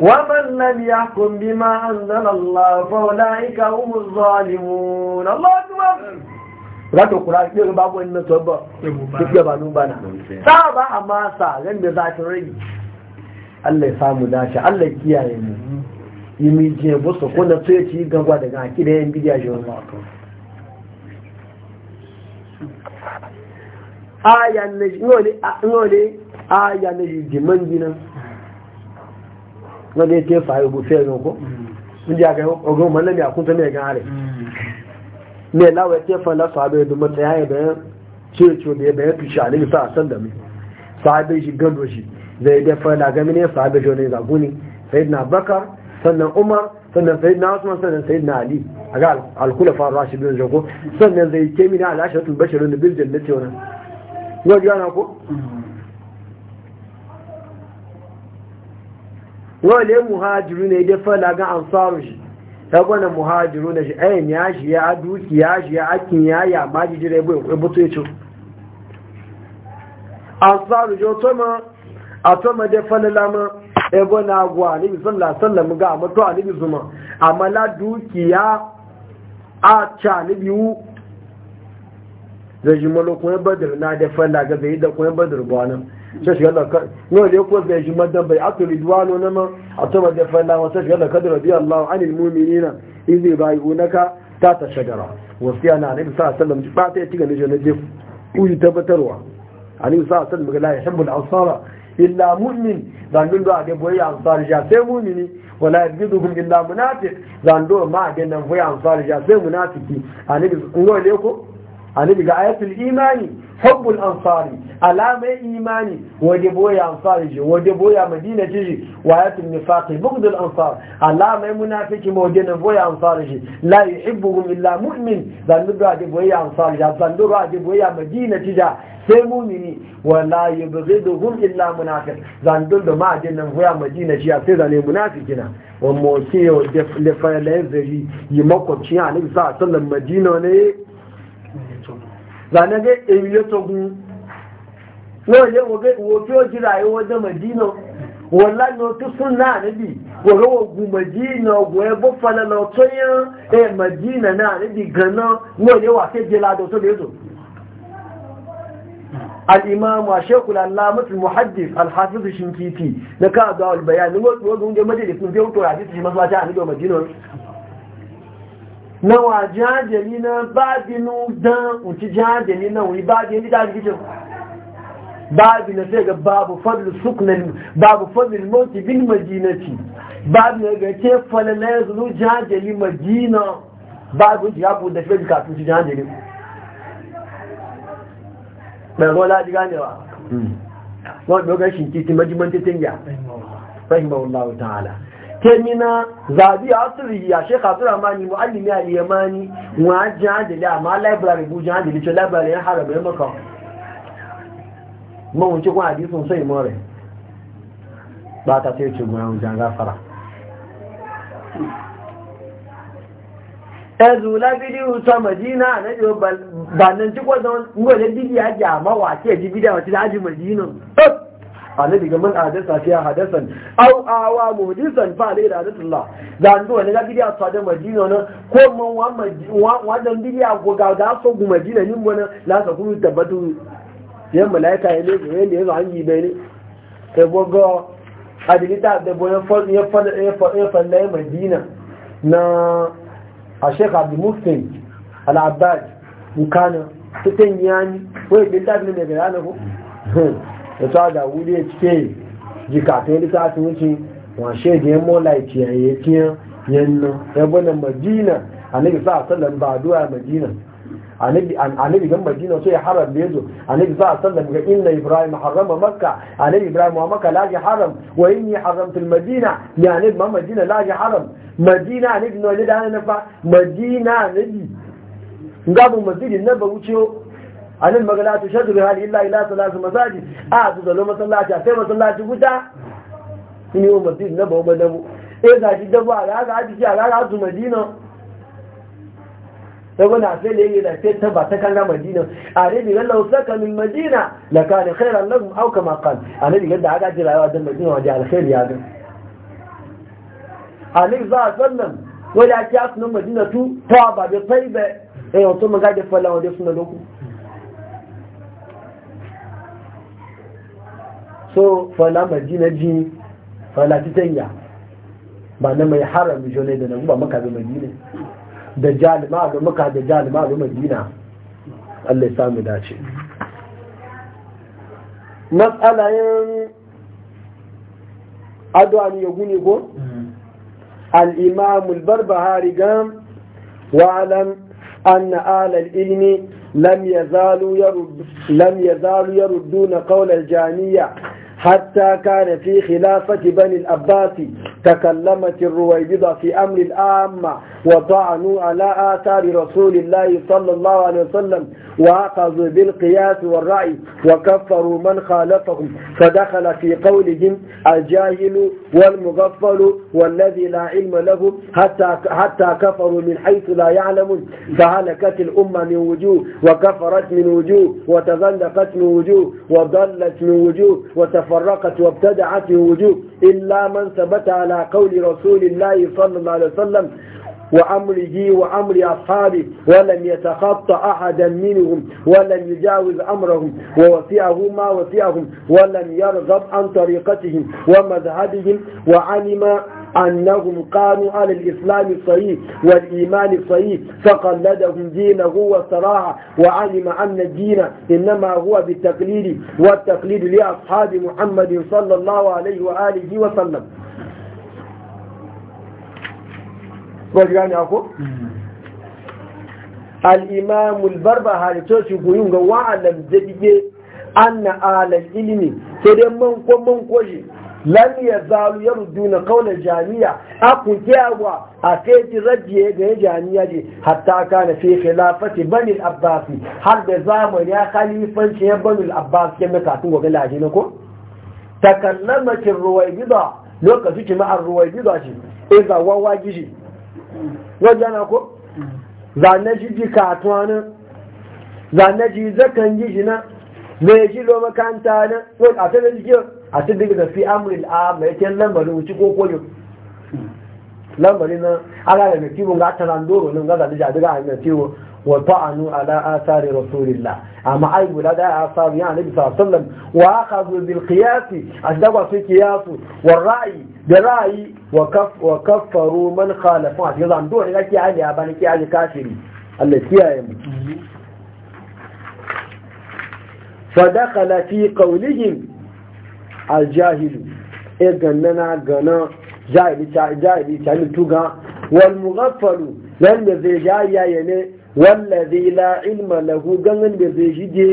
ومن لم يحكم بما أنزل الله فأولئك هم الظالمون الله أكبر rato kura ɗin babu wani na tuwa duk da ba nubana ta ba a masa zan da za ta rai Allah ya samu dace Allah kiyaye mu yi mi je busa ko na ci gagwa daga haki da yan bidiya shi wani ayan na shi na jinan na ya tefa ya gufe ya a ga ogun manna mai me lawa ya tefa na sahabai da matsaya ya bayan cewa ne bayan tushe a nemi sa san da mu sahabai shi gando shi zai dafa na gami ne sahabai shi ne zaguni sai na bakar sannan umar sannan sai na usman sannan sai ali a ga alkulafa rashidun jago sannan zai kemi na alashatul bashirun da bil jannati wannan yau yana ko wale muhajiru ne dafa na ga ansaru shi tagonan muhajiru na shi ayin ya shi ya duki ya shi ya akin ya ya ma jijira ya buto ya ce tsaru jo toma a toma da falala ma ebo na agwa ni bi sallah sallah mu ga mato ani bi zuma amma la dukiya a ca ni bi u da jimalo ko badir na da falala ga yi da kuma badir ba sai shiga da kan yau da ko bai shi madan bai atu ridwanu na ma atuma da fa Allah sai shiga da kadar rabbi Allah anil mu'minina idhi bai'unaka ta ta shajara wasiya na annabi sallallahu alaihi wasallam ba ta yi ne na je ku tabbatarwa ani sallallahu alaihi wasallam ga la yahibbu al-ansara illa mu'min dun da ga boye ansar ja sai mu'mini wala yajidukum illa munafiq do ma ga nan boye ansar ja sai munafiki ngo le ko ani ga ayatul imani hubbul ansari alamai imani waje boya ansari ji waje boya madina ji ji wayatul nifaqi bughdul ansar alamai munafiki waje na boya ansari ji la yuhibbuhum illa mu'min zandu waje boya ansari ji zandu waje boya madina ji ja sai mumini wala yubghiduhum illa munafiq zandu da ma je nan boya madina ji sai zane munafikina wa mo ke yo le fa le yi makwabci a nabi sallallahu alaihi wasallam madina ne zanage emiyo togun lóòye wo kí ó jíra ìwọ́ dẹ́ mẹ̀dínà wọ́n lánà tó sún náà níbi wọ́n wọ́n gùn mẹ̀dínà ọgbọ̀n ẹgbọ́ falẹ̀ lọ tó yán ẹ mẹ̀dínà náà níbi gan-an lóòye wà kéje ládọ̀ tó lè dùn al'imamu a shekula lamutul muhaddis alhafizu shinkiti na káàdọ̀ albayan ni wọ́n tó wọ́n tó ń jẹ́ mẹ́jẹ̀ na waje ajali na babinu don unci jihajali na wuri babin gida gijin babi na sai ga babu fadlu suknan babu fadlu mawti bin madinati babu na ga ce falala ya zuru jihajali madina babu ya bu da kafin ci jihajali mai rola ji ganewa hmm. wani dogon shi majimantitin ya rahimahullahu ta'ala temina zabi asiri ya sheikh abdurrahmani muallimi al-yamani wa jadili amma library bu jadili ce library ya harabe maka mun wuce kun hadisin sai more ba ta sai ce mun jan gafara ezu la bidiyu ta madina na yo ba nan ci ko don ngole bidiya ja ma wa ce ji bidiya wa ci da ji madina annabi ga man hadasa fi hadasan aw awa muhdisan fa alayhi rahmatullah dan do ne ga bidiya a da madina na ko mun wa madina wa dan bidiya go ga ga so gu madina nin bona la sa ku tabbatu yan malaika ya ne ne ne an yi bai ne sai bogo ta da boyan fa ya fa ya fa ya fa na madina na a sheikh abdul muslim al-abbad bukana tutan yani wai bin da ne ga yana ko da ta da wuri ya cike jika ta yi ta sun wuce washe da yan mola ya ce ya fiye yannan ya bane madina annabi sa sallan ba duwa madina annabi gan madina so ya haram da a annabi sa sallan ga inna ibrahim harrama makka annabi ibrahim wa makka laji haram wa haram haramtu madina ya annabi ma madina la haram madina annabi no ne da na fa madina annabi ngabu masjidin ba wuce anan magana ta shaddu bi hali illa ila salatu masaji a su zalo masallaci sai masallaci guda ni yau masjid na bawa madabu eh ga shi dabu a ga ga shi a ga ga su madina sai gona sai ne da sai ta ba ta kan madina a ne diga law saka min madina la kana khairan lahum aw kama qal a ne diga da aga jira wa da madina wa da alkhair ya ga alayhi sallam wala kiasnu madinatu tawaba bi tayyiba eh to mun ga da falla wa da sunna lokum so fala madina ji fala titanya ba na mai haram ne da nan ba maka da madina da jalima da maka da jalima da madina Allah ya samu dace matsalayin adwa ne ya gune ko al-imam al-barbahari gam wa'alam an na alal ilimi لم يزالوا يرد لم يزالوا يردون قول الجانية حتى كان في خلافة بني الأباس تكلمت الرويبضة في أمر الآمة وطعنوا على آثار رسول الله صلى الله عليه وسلم وأخذوا بالقياس والرأي وكفروا من خالفهم فدخل في قولهم الجاهل والمغفل والذي لا علم له حتى حتى كفروا من حيث لا يعلمون فهلكت الأمة من وجوه وكفرت من وجوه وتزندقت من وجوه وضلت من وجوه وتفرقت وابتدعت من وجوه إلا من ثبت على قول رسول الله صلى الله عليه وسلم وأمره وأمر أصحابه ولم يتخطى أحدا منهم ولم يجاوز أمرهم ووسعه ما وسعهم ولم يرغب عن طريقتهم ومذهبهم وعلم أنهم قاموا على الإسلام الصحيح والإيمان الصحيح فقلدهم دينه والصراحة وعلم أن الدين إنما هو بالتقليد والتقليد لأصحاب محمد صلى الله عليه وآله وسلم kwaji gani ako? al'imamul barba halittoci guyun ga wa'alam jabige an na alal ilimi sai dai manko manko shi lan ya zalu ya rudu na jami'a a kunkiyawa a kai rajiye ga ya jami'a je hatta ka na fi khilafati bani abbasi har da zamani ya khalifanci ya bani abbasi ya mai katun gwaga laje na ko takallamakin ruwaibida lokacin kima'ar ruwaibida shi izawa wajishi wajen na ko zane shi ji katuwa nan zane shi zakan ji shi nan mai shi lo makanta nan ko a ta da jiki a ta daga fi amuril a mai ken lambarin wuce ko koyo lambarin nan ala da mai kibin ga ta nan doro nan ga zane shi a daga hanyar ciwo وطعنوا على آثار رسول الله أما أي ولد آثار يعني النبي صلى الله عليه وسلم وأخذوا بالقياس أشدوا في قياس والرأي برأي وكف وكفروا من خالفوا يضع ندوح لك يعني أباني يعني كافري التي هي فدخل في قولهم الجاهل إغننا غنا جاهل جاهل جاهل توغا والمغفل لم يزجا يا ينه wallazi la ilma lahu ganin da zai shige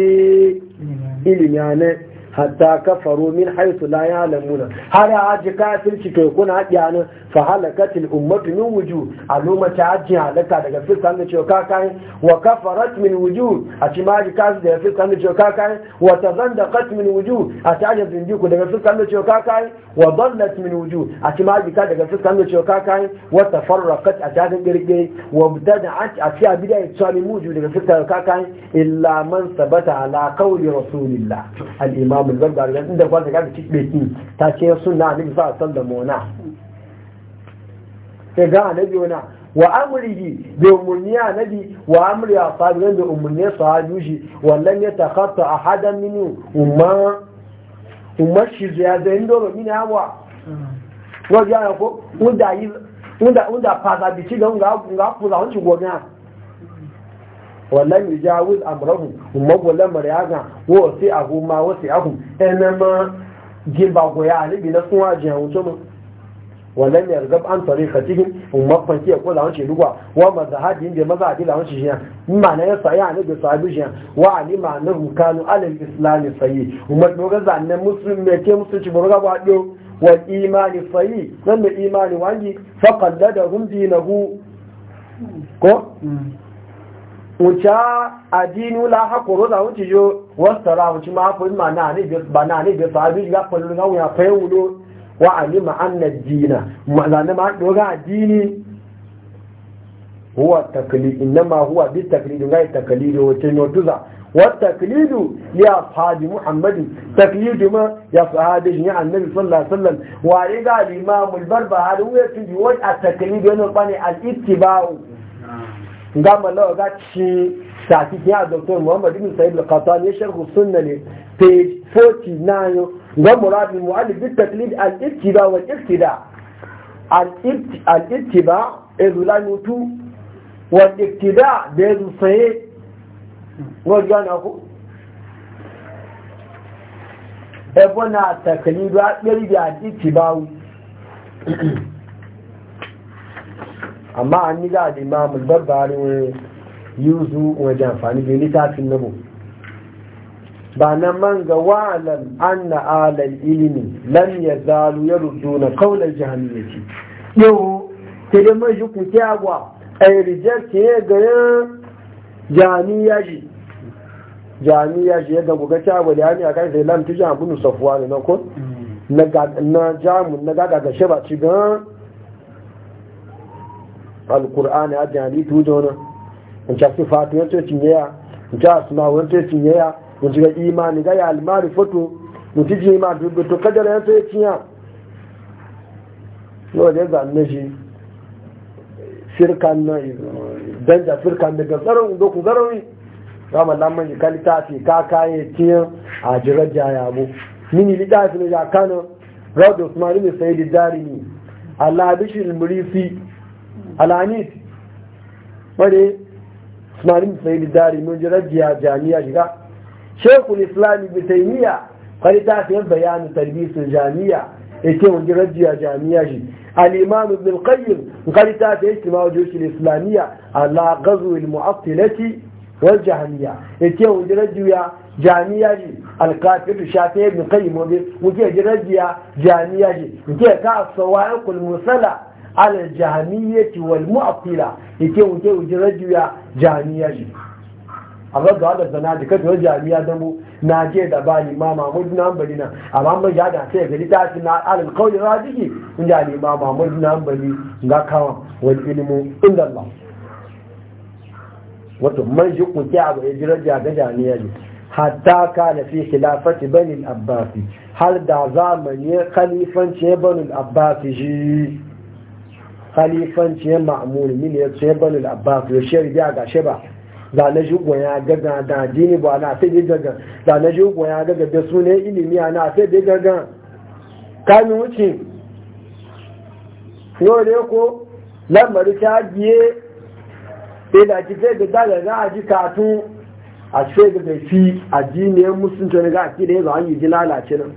ilimi ne حتى كفروا من حيث لا يعلمون هل عاجك أسل شكوكونا أجيانا يعني؟ فحلقت الأمة من وجوه علومة عاجيها يعني. لك دقا في السنة شوكاكاين وكفرت من وجوه أشي ما عاجك أسل دقا في السنة شوكاكاين وتزندقت من وجوه أشي عاجز نجوك دقا في السنة شوكاكاين وضلت من وجوه أشي ما عاجك دقا في السنة شوكاكاين وتفرقت أجاز قرقين وابتدعت أشياء بداية تسالي موجوه دقا في السنة شوكاكاين إلا من ثبت على قول رسول الله الإمام mu zanga da inda kwanta ga ci beki ta ce sunna annabi sa san da mona sai ga annabi wana wa amrihi bi umurniya annabi wa amri da wallan ya takhatta ahadan minhu umma umma shi ya da indo mini hawa wa ya ko unda unda unda pa da bi ci ga nga nga da hunji gona wannan yujawiz amrahu kuma wannan mariyaga wo sai ahu ma wo sai ahu enema gilba goya ali bi na sun waje hawo to wannan ya rabb an tariqatihi umma kan ki ko lawan shi lugwa wa mazahadi inda maza adila wan shi shiyan imma na yasa ya ne da sabu shiyan wa ali na hukanu alil islam sayyi umma doga zanne muslim me ke wa imani sayyi nan da imani wuce adini la koro da wuce yo wasara wuce ma fa ma na ne bi ba na ne bi fa bi ga fa ga ya fa wulo wa alima anna dina ma zane ma do ga adini huwa taklid ma huwa bi taklid ga taklid wuce no tuza wa taklid ya sahabi muhammad taklid ma ya fadi ni annabi sallallahu alaihi wasallam wa riga al imam al hadu ya fi wa at taklid ya no bani al ittiba'u ga malawa ga ci shafikin a dr muhammad ibn sa'id al-qatan ya sharhu sunna ne page 49 ga muradin mu'allif bi taklid al-ibtida wal iftida al-ibtida ezulanutu wal iftida da yazu saye wajen ku ebona taklidu a ɗari da al-ibtida amma an yi za a al-barbari wani yuzu wajen amfani da littafin nabo ba na man ga an na alal ilimi lam ya zalu ya rudu na kaunar jahannamci yau ta da mai shi kuke agwa a yi ke ya ganin jami'a shi jami'a shi ya gabu ga cewa da hanyar kai sai lamta jami'a bunu safuwa ne na kun mm. na jamun na gaga ga shi ba ci gan alkur'ani a jihari tu jona Inci sifatu yanzu cin yaya in ca suna wanzu cin yaya in ci ga imani ga ya almari foto in ci ji ma dubu to kadara yanzu ya cinya yau da ya zanne shi firkan na danja firkan daga tsaron doku ga mallan man yi kalita fi ka kaye ciyan a jirar bu mini littafi na jakanin rauda usmanu mai sayi da jarumi allah bishir murifi العنيف ولي اسماعيل سيد الداري من جرد يا جامية جرا شيخ الإسلام ابن تيمية قال تعرف بيان تلبيس الجامية إتي من جرد يا جامية جي الإمام ابن القيم قال تعرف إيش ما وجهش الإسلامية على غزو المعطلة والجهمية إتي من جرد يا جامية جي الكافر شافعي ابن القيم وجه جرد يا جامية جي إتي كعب سوائق المرسله ala jahamiyyati wal mu'tila yake wuce wuce rajuya jahamiyya shi amma ga da sana da kada wajen jami'a da mu na je da ba ni ma mamudu na ambali na amma mun ya da sai gari ta na alal kauli radiki in ja ni ma mamudu na ambali ga kawa wal ilmu inda Allah wato man shi ku kya ba ji ja ga jami'a ne hatta kana fi khilafati bani al-abbasi har da zamani khalifanci bani al-abbasi shi khalifanciyar ma'amuri mini ya tsaye bani abbas ya shari biya ga sheba da na shi goya gaga da dini ba na sai gaga da na shi goya gaga da su ne ilimi na sai da gaga kami wuce yau ne ko lamari ta biye sai da ki sai da daga za a ji katu a sai da fi jiniyar musulunci ga ki da ya zo an yi ji lalace nan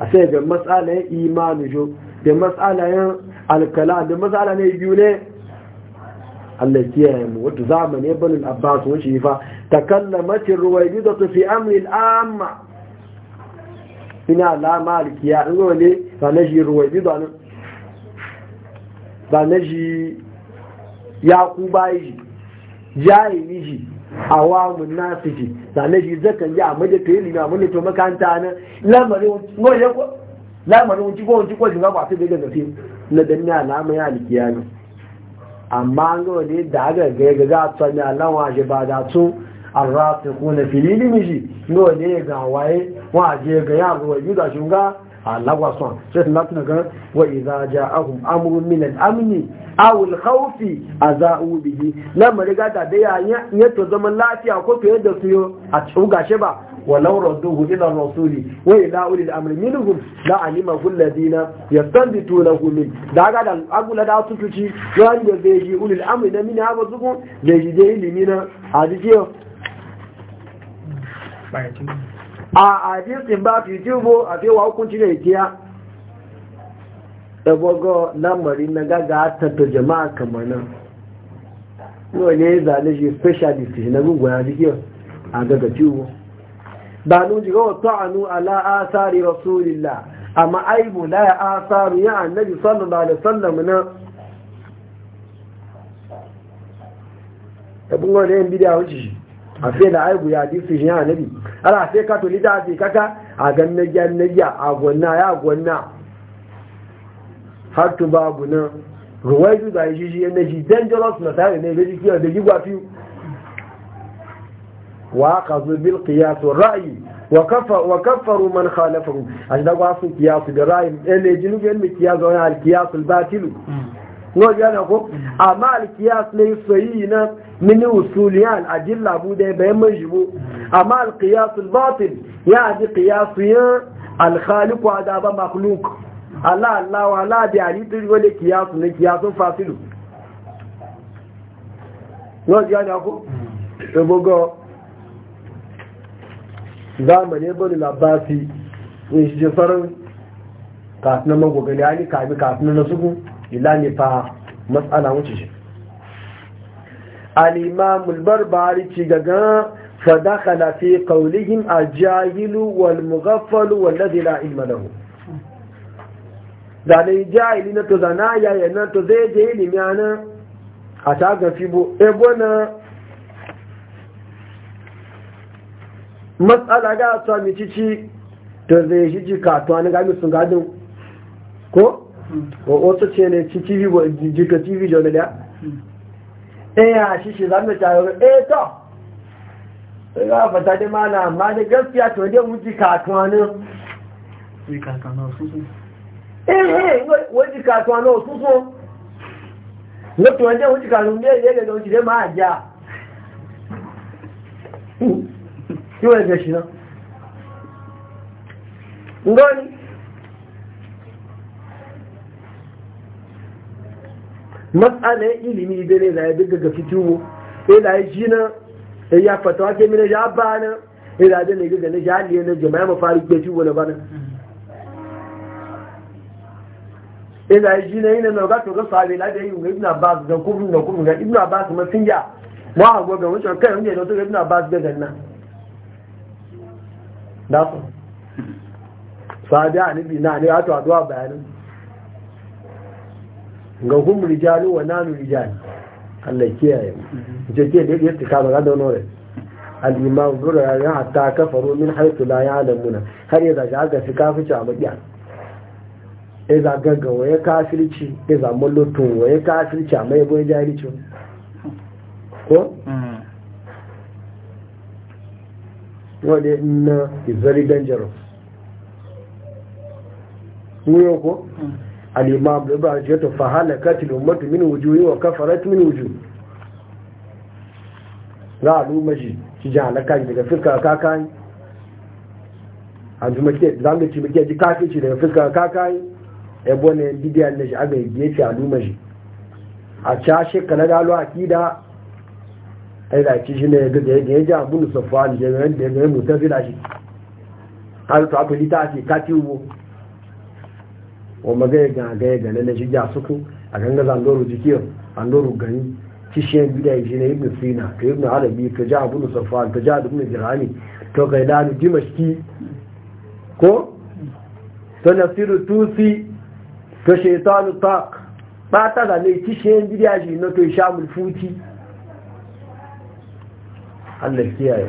a sai da matsalar imanu jo da matsalar alkala da matsala ne biyu ne Allah kiyaye mu wata zamani ya banin abbas wani shifa fa takallamacin ruwaidi da fi amri amma ina alama alkiya in zo ne ba na shi ruwai ba na shi ya ku bayi shi shi awamun nasu shi ba na shi zakan ji a yi lima a majalta makanta na lamarin wani ko lamarin wani ko wani ko shiga ba su daga zafi na dan ya alama ya ne amma an ga wani da aka ga ga za ta ne alama shi ba da su arrafi kuna filili miji ga wani ga waye waje ga ya ga yi da shunga alagwa son sai na tuna ga wa idza ja'ahum amrun min al-amn aw al-khawf azau bihi lamma riga da ya ya to zaman lafiya ko to yadda su yo a cikin shi ba ولو ردوه إلى الرسول وإلى أولي الأمر منهم لعلمه الذين يستنبطونه منه da haka da agula da tutuci wani da zai من هذا الزبون na mini haka da ilimi na hadisiyo a hadisin ba fi jibo a wa hukunci da ikiya da gogo lamari na gaga tattata jama'a kamar nan yau ne zane shi specialist na gungun hadisiyo a gaga ciwo ba nun jiga wa ta'anu ala asari rasulillah amma aibu la ya asaru ya annabi sallallahu alaihi wasallam na abun wani yan bidiya wuce shi a fiye da aibu ya disu shi ya annabi ala sai ka tuli da sai kaka a gan na gyan na a gwanna ya gwanna har to babu nan ruwaidu da shi shi yana shi dangerous na tare ne ga jikiyar da gigwa fiye واخذوا بالقياس والراي وكفروا من خالفهم عندما واصل قياس بالراي اللي يجنوا من قياس القياس الباطل no jana ko amal qiyas ne sayina min usuliyan ajilla bude bai majibu amal qiyas al batil ya di qiyas ya al khaliq wa adaba makhluq ala ala wa ala di ali tiri wala qiyas ne qiyas fasilu no jana ko zamani bani labasi ne shi jefarar kafin magogali ya yi kami kafin na suku ila ne fa matsala wuce shi al'imamul barbari ci gaga na fi kaulihim a jahilu wal mugafalu wallazi na ilma lahu zane jahili na to zana yaya na to zai je ilimi a nan a shagafi bu ebo matsala ga ta mitici to zai shi ji to an gami sun gadin ko ko hmm. wato ce ne ci tv ko jika tv jo ne da hmm. eh ya shi shi zamu ta yoro eh, to eh, ga fata da mana amma da gaskiya to dai mu jika eh, to an jika to na susu ne to an dai wo jika ne ne da wuce dai ma ja kí wọ́n ẹgbẹ̀ ṣìná ngọ́ni ilimi ya daga ga fituwo ila ya ji ya mina ya ba na ila da na gaga na jaliya na jama'a mafari ke ciwo na bana ya yi na nauga to ga sabi la da yi ga ibn abbas ga kufin ga kufin ga ibn abbas mafiya wa agwa ga wancan kai wanda ya ga ga ganna da su sahabi a nabi na ne wato addu'a bayanin ga hum rijalu wa nanu rijal Allah kiyaye je ke da yake ka da nore al imam dura ya hatta kafaru min haythu la ya'lamuna har ya daga ga fi kafici a makiya e za gaga waye kafirci e za mullo to waye kafirci amma yabo jari ko hmm. wọ́n is very dangerous ní yóò kó alìmọ̀ àbúrúbà jẹ́tọ̀ fàhálà kátìlù mọ́tù mínú ojú yíwọ̀ káfàrẹ́tì mínú ojú ra'adu mashi shi ji halaka daga fuska kakayi a zuma ke zamu ci muke ji kafin shi daga fuska kakayi ebo ne bidiyar da shi aga yi gefe a luma shi a cashe kana da alu akida ai da ci shi ne ga ga ya ji abu da safuwa da jami'an da ya mutar fila shi har ta aka lita ce ka ciwo wa magaya ga ga gane na shi ja suku a ganga zandoro jikiyar zandoro gani shi kishiyan bidayen shi ne ibn sina to ibn arabi to ja abu da safuwa ka ja da da jirani to kai da dimashki ko to na nasiru tusi to shaitanu tak ba ta da ne kishiyan bidayen shi na to shamul futi Allah kiyaye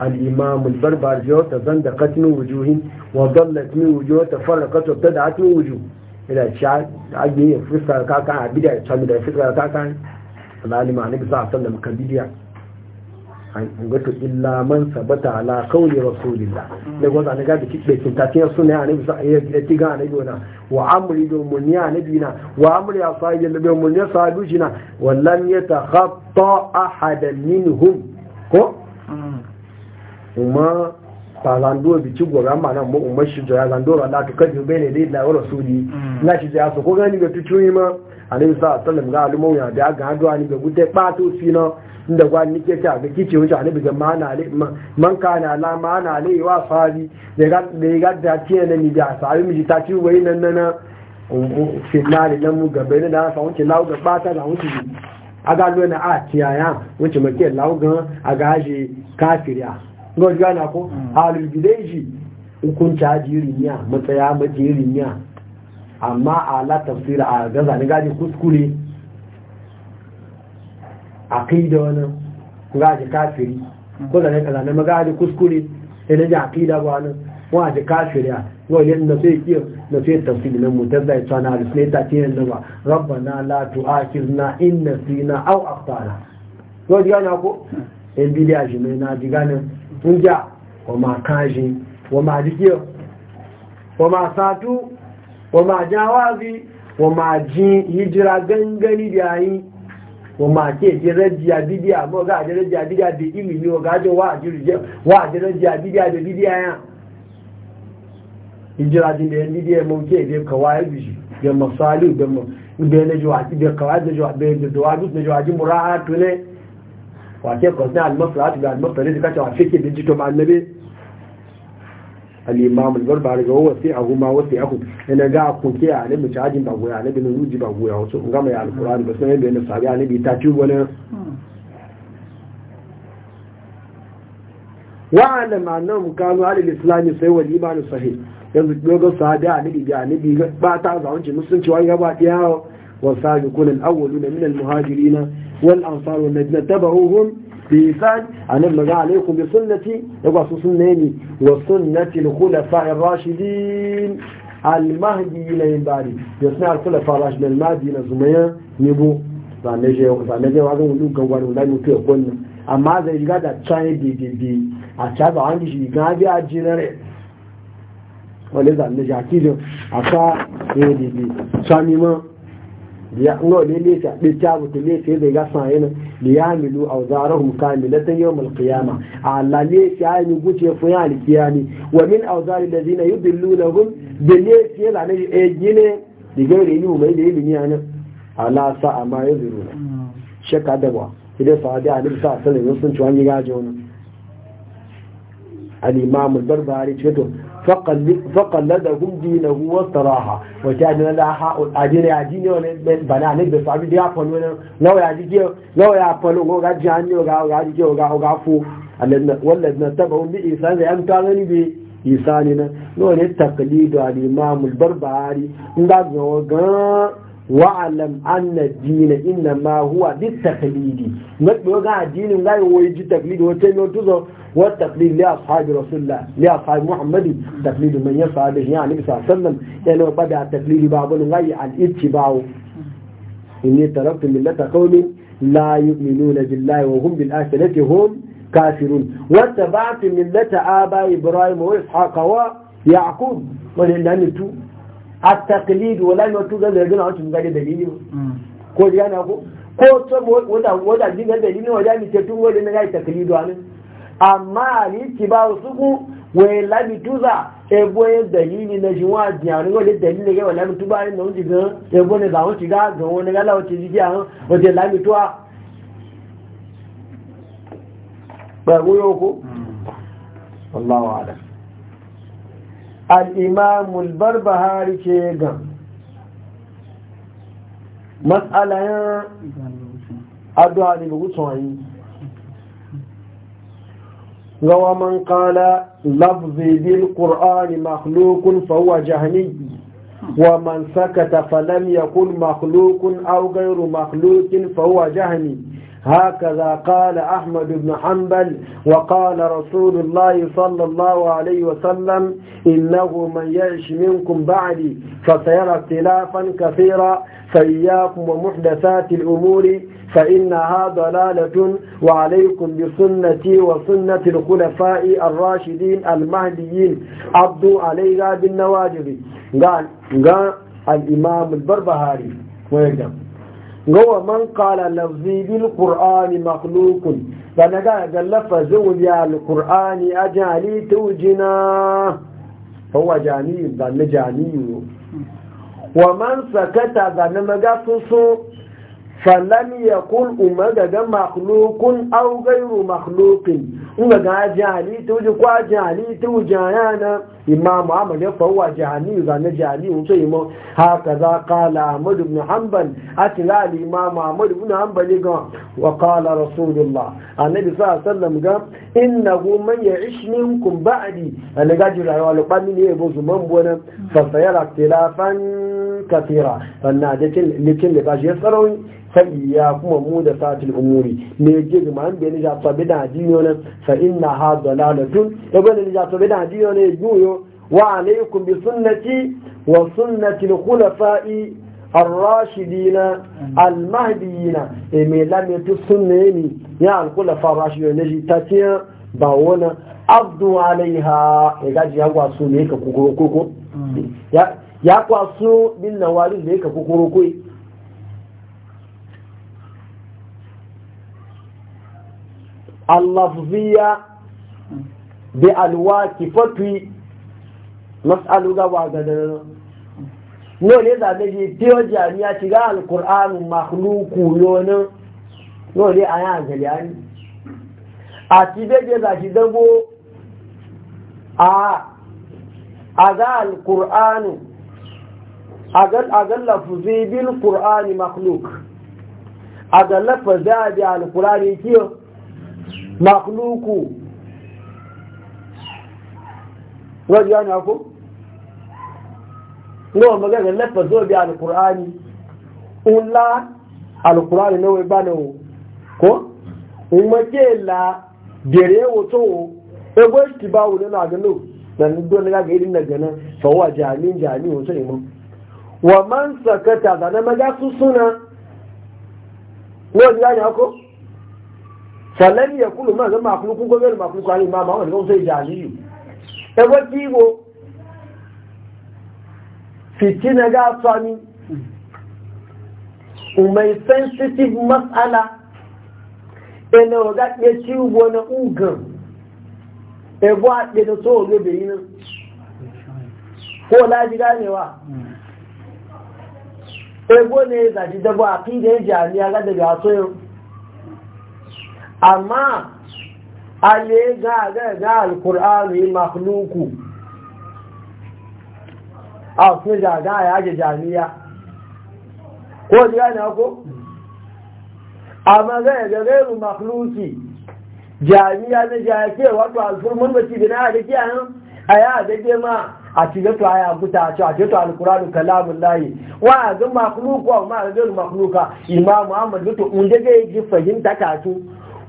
al-imam al-barbar jota zanda qatnu wujuhin wa dallat min wujuhin tafarraqat wa tada'at min wujuh ila chat agiye fisar ka ka bidai chami da fisar ka ka alani ma ne bisa sallam kabidiya ngatu illa man sabata ala qawli rasulillah da gwada ne ga kike kin ta tiyar sunna annabi sa ya tiga annabi wana wa amri do munni annabi na wa amri asai da do munni sahabi jina wallan yatakhatta ahadan minhum ko kuma mm. ba zando bi ci gora ma nan mu umma shi jira zando ra la to kaji bene dai la wala suli mm. na shi ya so ko gani ga tuci ma alayhi sallam ga alumu ya da ga adwa ni ga gudde ba to si sino inda gwa ni ke ta ga kici wuce annabi ga mana ale man kana la mana ale wa sahabi da ga da ga da tiye ne mi da sahabi mi ta ci wai nan nan um, um, finali nan mu ga ne da sa wuce lawo ga ba ta da wuce aga lona a tiyaya wuce make lawo ga a ga ji kafiriya gwaji gana ko mm. halin hukunci ya matsaya ya amma ala tafsira a gaza ni gaji kuskure a kai da wani gaji kafiri mm. ko zane kaza na magaji kuskure ina ji akida ba wani wani kafiri a wani na sai kiyar na sai tafsiri na mutar zai tsana a rufe ta ce yanzu ba rabbana la tu'akizna in nasina au aftana ko mm. ji gana ko in bidiya shi mai na ji ganin níjà wọ́n máa káàṣì wọ́n máa díkíọ̀ wọ́n máa sátú wọ́n máa jẹ́ àwáàbí wọ́n máa jí ìjíra gẹ́ngẹ́ níbi ayín wọ́n máa kí èjì rẹ́jì àbídí àmọ́ ọ̀gá àjẹ́rẹ́jì àbídí àdé ìlú ní ọ̀gá àjọ wà àjẹ́rẹ́jì àbídí àdé bídí ayán ìjíra jílẹ̀ bídí ẹmọ kí èdè kọwàá ẹ̀bìṣì da sọ́álù gẹ̀mọ̀ ìgbẹ̀ẹ́lẹ́jọ́ àti gẹ̀kọ̀wàá wake kwasne almafrati da almafrati kace wa fike bin jito ma annabi al-imam al-barbar ga wasi ahu ma wasi ahu ina ga ku ke ale mu tajin ba goya ne bin ruji ba goya wato in gama ya alquran ba sai da ne sabi annabi ta ci wani wa alama annahum kanu ala al-islam sai wal iman sahih yanzu dogon sahabi annabi ga annabi ba ta zaunci musulunci wani gaba ɗaya والسابقون الأولون من المهاجرين والأنصار والذين تبعوهم بإيسان أن أبلغ عليكم بسنتي يقع سنيني وسنة الخلفاء الراشدين المهدي إلى ينبالي يصنع الخلفاء الراشدين المهدي إلى زميا نبو zanaje wajen wani gangwani wani mutu ya gwanna amma zai shiga da can ddd a caba wani shiga biya jinare wani zanaje a kijin a sa ddd sami ma no ne ne ta bi ta mutu ne sai zai ga sanye ne li yamilu awzarahum kamilatan yawm al-qiyama Allah ne ya yi guce fu ya al-qiyami wa min awzari allazina yudillunahum bi eh, ne sai la ne e gine diga re ni umai da ilimi anan ala sa amma yuziruna shaka da ba idan sahabi annabi sa sallallahu sun ci wani gaje wannan al-imam al-barbari ce to fakan lada gumbi na ruwa saraha wata yana da ha aji na yaji ne wani bana ne da sabi da ya fa nuna na wa yaji ke na wa ya fa nuna ko gaji hannu ya ga ga ke ga ga fu wanda na taba wani isa ne an ta gani bi isa ne na wani taklido al'imamul barbari in ga zuwa gan وعلم أن الدين إنما هو للتقليد مدبوغا الدين لا يوجد تقليد وتم يتوزر والتقليد لأصحاب رسول الله لأصحاب محمد تقليد من يسعى به يعني صلى الله عليه وسلم يعني بدع تقليد بعضهم غي عن اتباع إني تركت ملة قوم لا يؤمنون بالله وهم بالآسنة هم كافرون واتبعت ملة آبا إبراهيم وإسحاق ويعقوب ولأنه at-taqlid wala yutu ga zargin a cikin gade dalili ko ji ana ko ko to wanda wanda ji ga dalili wanda mi ce tun wanda na ga taqlid wa ne amma ni ki ba su ku dalili na ji wa ni ana dalili ga wala mi tuba ne non ga e ne ga ti ga ga ne ga la ti ji ga wanda la mi tuwa ba go yo ko wallahu a'lam al'imamul barbahari ke ga matsalayen addu'a da wucin yi gawa man kala lafzi bil ƙur'ani makhlukun fawa jahani wa man sakata falam yakun makhlukun au gairu makhlukin fawa jahani هكذا قال أحمد بن حنبل وقال رسول الله صلى الله عليه وسلم إنه من يعش منكم بعدي فسيرى اختلافا كثيرا فإياكم ومحدثات الأمور فإنها ضلالة وعليكم بسنتي وسنة الخلفاء الراشدين المهديين عبدوا عليها بالنواجذ قال قال الإمام البربهاري ويقدم gowa man kala lafzi bil qur'ani makhluqun da na ga ga lafazin ya al qur'ani ajali tujina huwa jani da na jani wa man sakata da na maga susu falam yakul umaga ga makhluqun aw ghayru makhluqin umaga ajali tuji kwa ajali yana. إمام عمل فهو جهني وزان جهني وصيما هكذا قال أحمد بن حنبل أتلا الإمام أحمد بن حنبل وقال رسول الله النبي صلى الله عليه وسلم قال إنه من يعيش منكم بعدي أنا قاجر على الوالقان من يبوز من بنا فسيرى اختلافا كثيرا فأنا دكتل لكل قاجر يسألون فإياكم أمود ساعة الأمور نجد ما أنبي نجاة بدا دينيونا فإنها ضلالة يبقى نجاة بدا دينيونا يجنو وعليكم بسنتي وسنة الخلفاء الراشدين المهديين إمي لم يتسنني يا الخلفاء الراشدين نجي تاتيا باونا abdu alaiha ya e gaji ya kwaso ne ka kukuro koko ya kwaso min na wari ne ka kukuro koi allafziya bi alwaki fatwi mas'alu ga wa ga da no ne za da ji tiyo jami'a ci ga alqur'anu makhluqu yona. no ne aya galiani a ti be je za shi dango a a ga alqur'anu a ga a ga lafzi bil qur'ani makhluq a ga lafzi da alqur'ani kiyo makhluqu wajana ko nawa magana lafa zo bi alkur'ani ula alkur'ani nawa ba na ko umake la gere wato ego shi ba wani na gano na nido na gaga irin na gana fawa jami'in jami'in wato imam wa man sakata zana maga su suna wani gani ako salami ya kulu ma zama akulukun gobe da makulukun alimama wani kan sai jami'in ego kiwo fitina ga tsami mai sensitive matsala ina ga ɗaya ciwo na ugan ebo a ɗaya da tsohon gobe yi nan ko laji ganewa ebo ne ya zaji dabo a fi da ya jami'a ga daga tsohon amma a le ga ga ga alkur'anu yi makhluku a su jaga a yage jami'a ko jiya na ko amma zai ga gairu makhluki jami'a na jake wato alfurman baci da na da kiyayen a ya dage ma a cikin to aya guta ce a cikin to alkuranu kalamun layi wa ga makhluku wa ma ga makhluka imam muhammad to mun dage ji fahimta ka su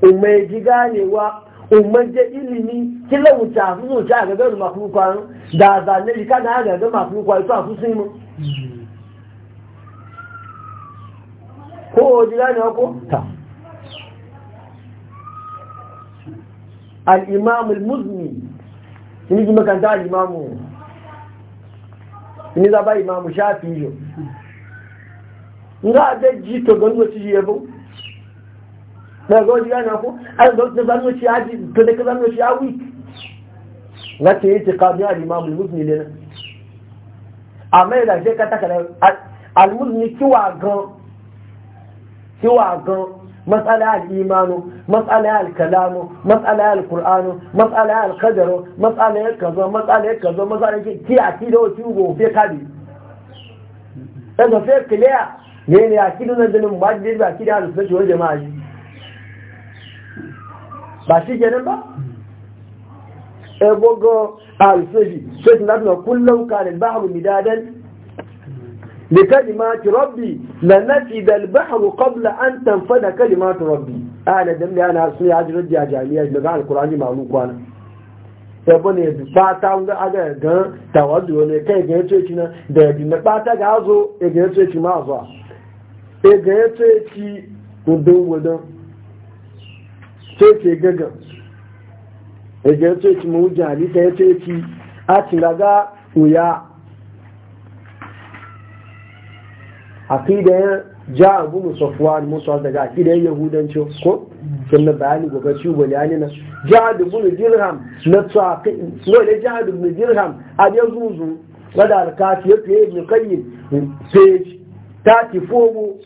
umma ji ganewa umarje ilimi kila wuce a sun wuce a gagar makulukwa da zane rika na gagar makulukwa ito a sun mu ko oji gane ko ta al'imam al-muzni ni ji makanta al'imamu ni zaba imamu shafi yau nga da ji to gano ci yabo daga wajen yana ko an da wata zanuwa shi haji to da ka zanuwa shi hawi na ce yi tikami al'imamul musulmi ne nan amma yana shi ka taka da al'ulmi kiwa gan kiwa gan matsala al'imanu matsala al-kalamu matsala al-kur'anu matsala al-kadaru matsala ya kazo matsala ya kazo matsala ya ki a ki da wasu gobe kadi ɗaga fe kiliya ne ne a kidin nan dinin ba da ba kidi a ba shi kenan ba eh, gogo al-safi ah, sai tun zafi kullum kanin baharu midadan da kalimati rabbi la nafi da al-baharu qabla an tanfada kalimati rabbi ana ah, dambe ana su ya jami'a da jami'a daga ma qurani na kwana yabo eh, ne fata ga aga ga tawaddu ne kai ga yace na da yabi na fata ga azo eh, ga yace ci ma azo ga yace ci gudun gudun sai ce gaga ga sai ci mu jali sai ce ci a ci gaga uya ya ja abu musafwan musa daga aqidan yahudanci ko sunna bayani gobe ci bayani na ja da bunu dirham na tsaki no da ja da bunu dirham a da zuzu wada alkafi yake ibn qayyim sai ta ti fomu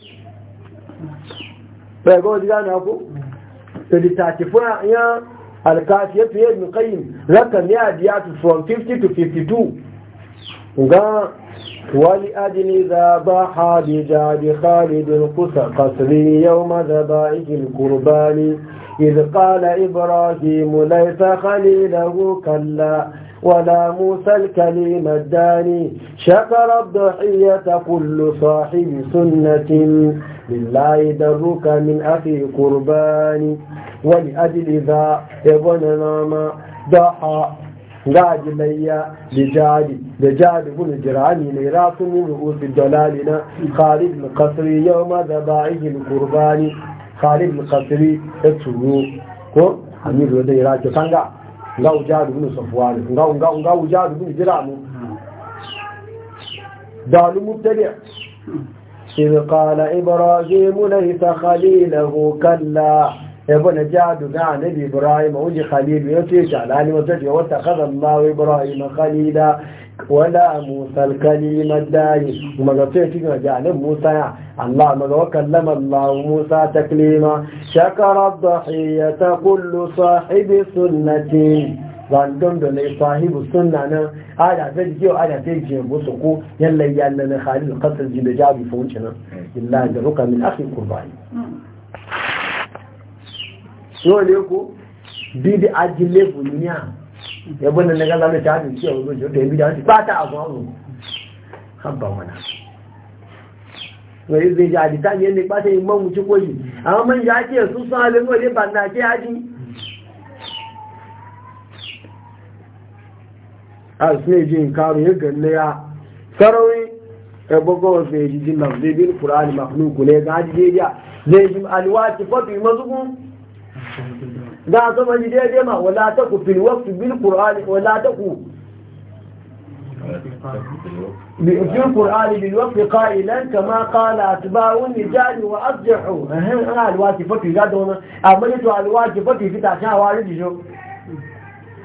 bai ga wani gane ko da littattafan ya alkafiyar ابن da لكن يا ya biya from 50 to 52 ga ولأجل ذا ضحى بجاد خالد قصري يوم ذبائك القربان إذ قال إبراهيم ليس خليله كلا ولا موسى الكليم الداني شكر الضحية كل صاحب سنة لله درك من أخي قرباني ولأجل ذا ابن ماما ضحى gaji layya da jari bin jirani ne rasu min ru'usi dalali na khalid al-qasri yau ma da ba'ihi al-qurbani khalid da nga ujadu bin safwan إذ قال إبراهيم ليس خليله كلا ابن جاد عن نبي ابراهيم وجه خليل يتيش على ان واتخذ الله ابراهيم خليلا wala musa kalimar dari magafe cikin ajanin musa ya Allah magawa kallama Allah musa ta klima shakarar da ta kullu sahibi sunnati zandon da na sahibu sunna nan ada ta jike musu ko yallai yallai na khalil kasar ji da jabi fa illa da ruka min akhi qurbani ne ko bidi ajile duniya yabo nan ga zamu ta hadin cewa zo da bi da shi ba ta abu abu habba wana wai zai ja di ta ne ba ta yin mamu ci koji amma man ja ke su san halin wale ba na ke haji a sai jin karo ya ganna ya sarawi ya bugo sai ji jin lafzi bil qur'an makhluq ne ga haji ya zai jin alwati fatu mazubu ga zama ji daidai ma wala ta ku fil waqti bil qur'ani wala ta ku bil qur'ani bil waqti qailan kama qala atba'u nijal wa asjahu ahan ana alwati fati ga da amma e ne to alwati fati fita sha wari dijo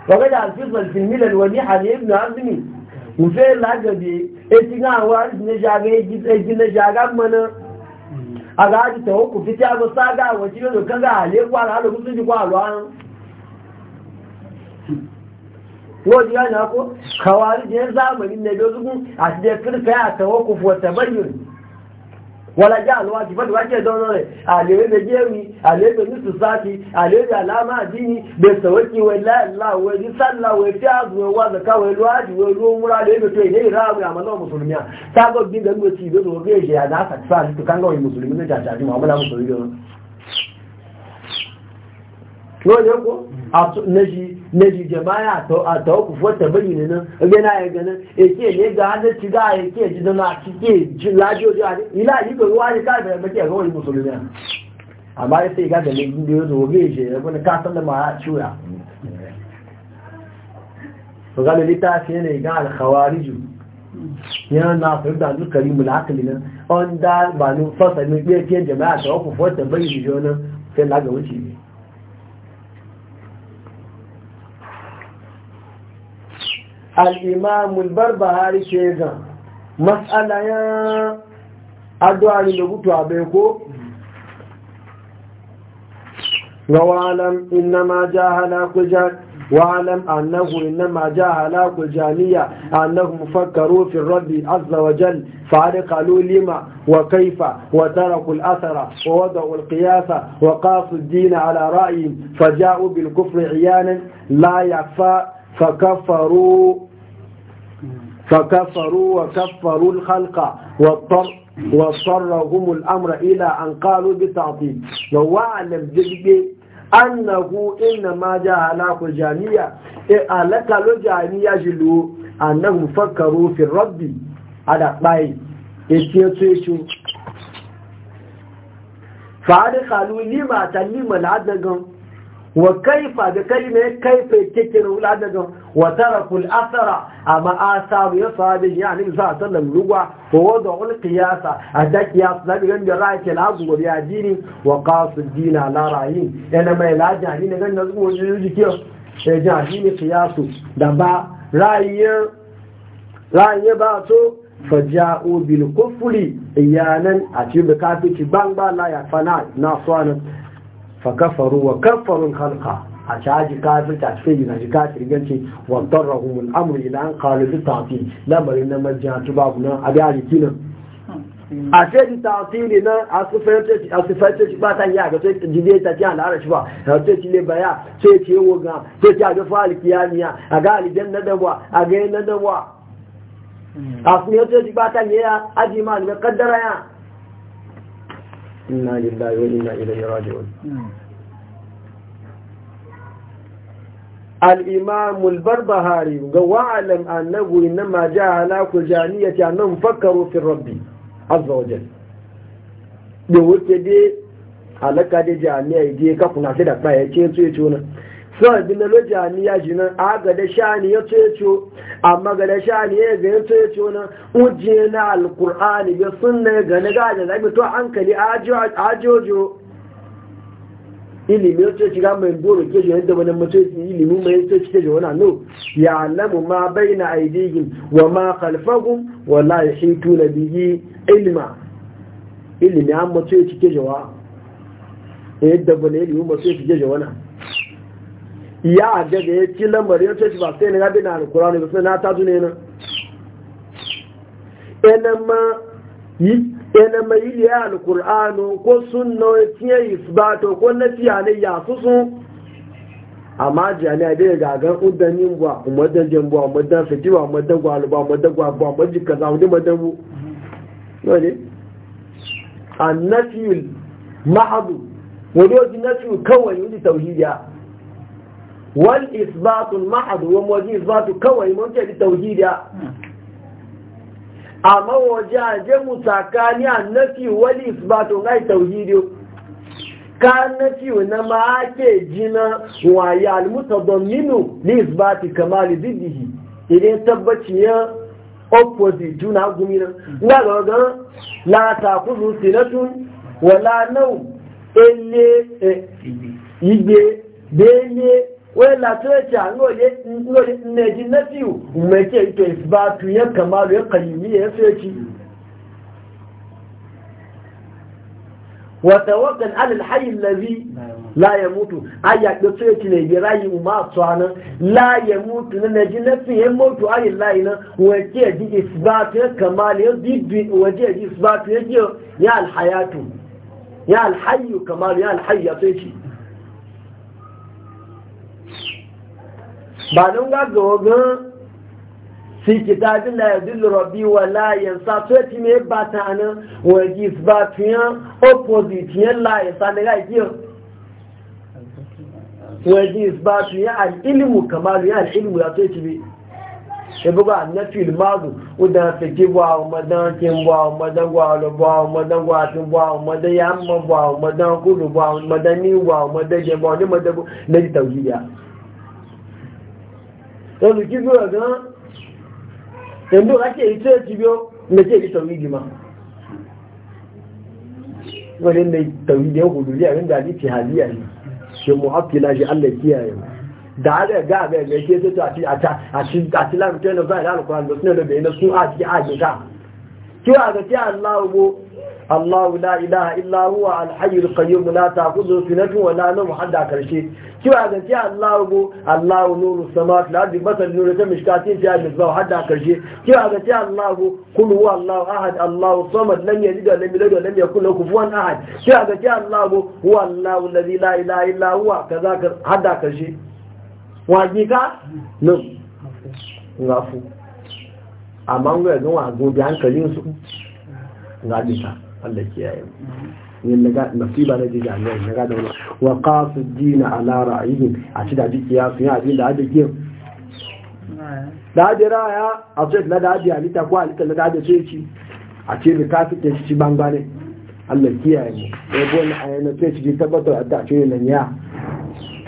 وقد الفصل في الملل والنحل ابن عزمي وفي العجبي اتنا وارد نجاقه اتنا جاقه منا agaji ta hukun fi ta zo saga wa jiro da kan a ale kwa na da mutunci kwa alwan ko ji na ko kawari je zamanin ne dozu a cikin firka ta hukun wata tabayyun wala jẹ́ àwọn àjífọ́dì wá jẹ́ dánrọ́ rẹ̀ àlèrè jẹ́rì àlèrè ní sùsáàtì àlèrè àlámà àdíní bẹ̀sẹ̀wẹ́kí wẹ láàwẹ̀ da sálàwẹ̀ tí àgùnwẹ̀ wà zakawẹ̀ ló àjùwẹ̀ ló musulmi a lèrè tó ilé ìráwẹ̀ àmọ́ náà mùsùlùmí à sáàgọ́ gbígbẹ́ gbé ti ìgbésòwò kéèjì àdá àtàkùsà àti tòkángọ̀ mùsùlùmí ní jàjà àti màmúlà mùsùlùmí wani ko na ji jama'a a tawakufu wata bayyana nan gana ya gana eke ne ga hannun ci ga eke ji na cike ji lajoji a ila yi ga ruwa ne kada ya mace ga wani musulmi amma ya sai gaga ne da ya zo ga shi ya gwani kasan da mara ciwa to ga lalita fiye ne ga alkhawariju yana na fahimta duk karimu da hakali nan on da ba nun fasa ne ɓiyar jama'a tawakufu wata bayyana nan sai laga wuce ne الإمام البربهاري شيئا مسألة يا أدواني لغتو أبيكو وعلم إنما جاء هلاك جاك واعلم أنه إنما جاء هلاك الجانية أنهم فكروا في الرب عز وجل فعرقلوا لما وكيف وتركوا الأثر ووضعوا القياس وقاصوا الدين على رأيهم فجاءوا بالكفر عيانا لا يعفى فكفروا فكفروا وكفروا الخلق والطر وصرهم الأمر إلى أن قالوا بتعطيل وعلم ذلك أنه إنما جاء لك جانية لك لجانية جلو أنهم فكروا في الرب على قبائل يتيتيشوا فعلي قالوا لما تلم العدقم wa kaifa da kalime kaifa kekere wula daga wa tarakul asara a ma'asaru ya sahabin ya ne sa sallam ruwa wa wadda wani kiyasa a da kiyasa na bigan da ra'a ke lagu wa biya jini, wa kasu dina na rayu yana mai lajin hadi na ganin zuwa wajen jiki ya ji a jini kiyasu da ba ra'ayin ba to faja'u bil kufri iyanan a cikin kafici ban ba la ya fana na suwanin فكفروا وكفروا الخلق عشاج كافر تعفيه عشاج كافر جنسي واضطرهم الأمر إلى أن قالوا بالتعطيل لما إنما الجهة بابنا أبي عالكينا عشان تعطيل نا أصفت أصفت ما تنيا قلت جديد تجان على شبا قلت لي بيا قلت يوغا قلت يا فالك يا ميا أقال جنة دوا أقال ندوا أصنيت تجبات يا أجمال مقدرة يا inna lillahi wa inna ilaihi raji'un الإمام البربهاري وعلم أنه إنما جاء على كجانية أنهم فكروا في الرب عز وجل da wuce dai halaka da jami'a ya je kafin a da baya ce su ya ci sun bin da loja ni ya ji a ga da shani ya tsoyo amma gada shani ya ga ya tsoyo nan uje na alkur'ani ga sunna ga na gaja da to hankali ajojo ilimi ya tsoyo ga mai doro ke ji yadda wani mutum ilimi mai tsoyo ke ji wani no ya alamu ma baina aidihim wa ma khalfahum wa la yahitu bihi ilma ilimi an mutum ke ji wa yadda wani ilimi mutum ke ji wani ya aje da ya ci lamarin church ba sai na gabi na alkurani ba sai na ta zune na ɗanen mai yi ya alkur'ano ko sunna ya tiye isbato ko na ne ya susu amma jami'a dai gagan udanin ba umardan jambuwa umardan fitiwa umardan gwaluba umardan gwaluba umardan kaza wani umardan bu ne annafiyul mahadu wani wajen nafi kawai wani tauhidiya wal isbatul mahad wa waje isbatu kawai mun ce tauhidiya amma waje aje mutakani annafi wal isbatu ngai tauhidiyo ka nafi na ma ake jina wa ya mutadamminu li isbati kamal diddihi idan tabbaci ya opposite juna gumina Na ga la ta kuzu sinatun wala nau elle eh, igbe bele wai latinci ngole neji na fiye mai ke ke ba tuye kamaru ya kalimi ya feci wata wakan alil hayin lazi la ya mutu a yaƙi feci ne bi rayu ma tsanan la ya mutu na neji na fiye mutu a yi layi na wake e ji isbatu ya kamaru ya bibi waje e ji isbatu ya ji ya alhayatu ya alhayu kamaru ya alhayu ya feci ba don gaggawa gan fi kitabin la ya dillu wa la yansa to ti me ba ta anan wa ji ba opposite yan la wa ba tiyan al ilmu kamal ya al ilmu ya to bi na madan madan lo madan madan ya ma madan ku madan ni madan je ni madan tawhidiya olùkí bí ọ̀gá ẹ̀ndó láti èyí tó ti bí ó mẹ́tí èyí tọ̀wí di ma wọ́n lè mẹ́ tọ̀wí di ẹ̀kùn lórí àrin dàbí ti hà líyà yìí ṣe mọ́ ápì láti alẹ́ kí ẹ̀ dáadẹ́ gá abẹ́ ẹ̀gbẹ́ tí ó tó àti àti láàrín tẹ́lẹ̀ báyìí láàrín kan lọ sí ẹ̀lọ́bẹ̀ẹ́ الله لا إله إلا هو الحي القيوم لا تأخذه سنة ولا نوم حد حتى شيء كيف هذا يا الله أبو الله نور السماوات الأرض مثل نور مشكاتين في المصباح حتى شيء كيف هذا يا الله أبو كل هو الله أحد الله صمد لم يلد ولم يولد ولم يكن له كفوا أحد كيف هذا يا الله أبو هو الله الذي لا إله إلا هو كذا حد حتى كرشي واجيك نعم ngafu amma ngwe don agun bi hankalin su ngadita Allah kiyaye yin naga nasiba na naga da wani wa qasu dina ala ra'ayin a ci da ji kiyasu ya abin da ake kiyo da raya a ce na da aje alita ko alita na da aje ce ci a ce ta ci Allah kiyaye mu ya ce tabbatar ce nan ya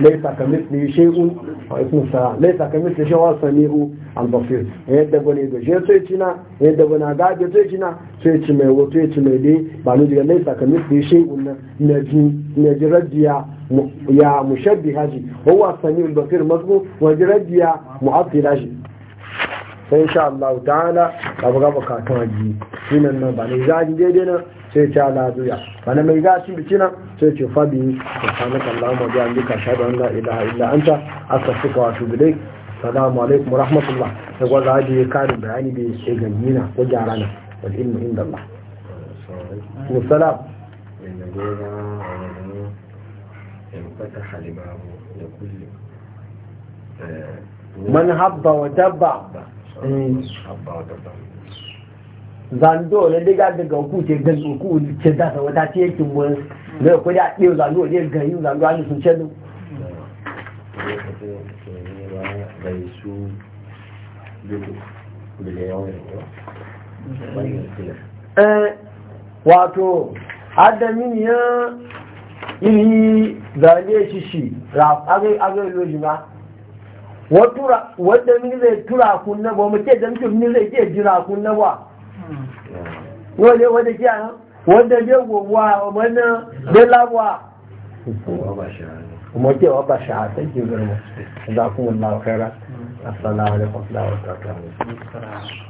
laisa ne shehu wa ismu sa laisa ne shehu wa sami'u albafir yadda bane gashe shi sai cina yadda bane gaje sai cina sai ci mai wato ci mai dai ba ni daga nai sakamis da shi unna na ji na ya mushabbi haji huwa sami albafir masu wa ji radiya mu'affir haji sai insha Allah ta'ala ka buga bukatun haji kinan nan ba ne zaji daidai nan sai ta lazuya wani mai gashi cina sai ce fabi subhanakallahumma wa bihamdika ashhadu an la ilaha illa anta astaghfiruka wa atubu ilayk salamu alaikum rahmatullah da gwaza da ya karin bayani da ya ce gangina ko gyara na wal ilmu inda Allah musalam man habba wa dabba zando ne daga daga ku ce gan ku ce da sa wata ce kin mun ne ko da ɗewa zando ne gan yin zando an sun ce Eh, wato adamin ya iri zane shi shi agai loji ma wadda mini zai tura kun na ba mace da mutum mini zai ke jira kun na ba hmm. wale wadda ke wadda ke gobuwa wadda ke labuwa kuma ke wa ba shahata ke girma za kuma Allah khairan assalamu alaikum wa rahmatullahi wa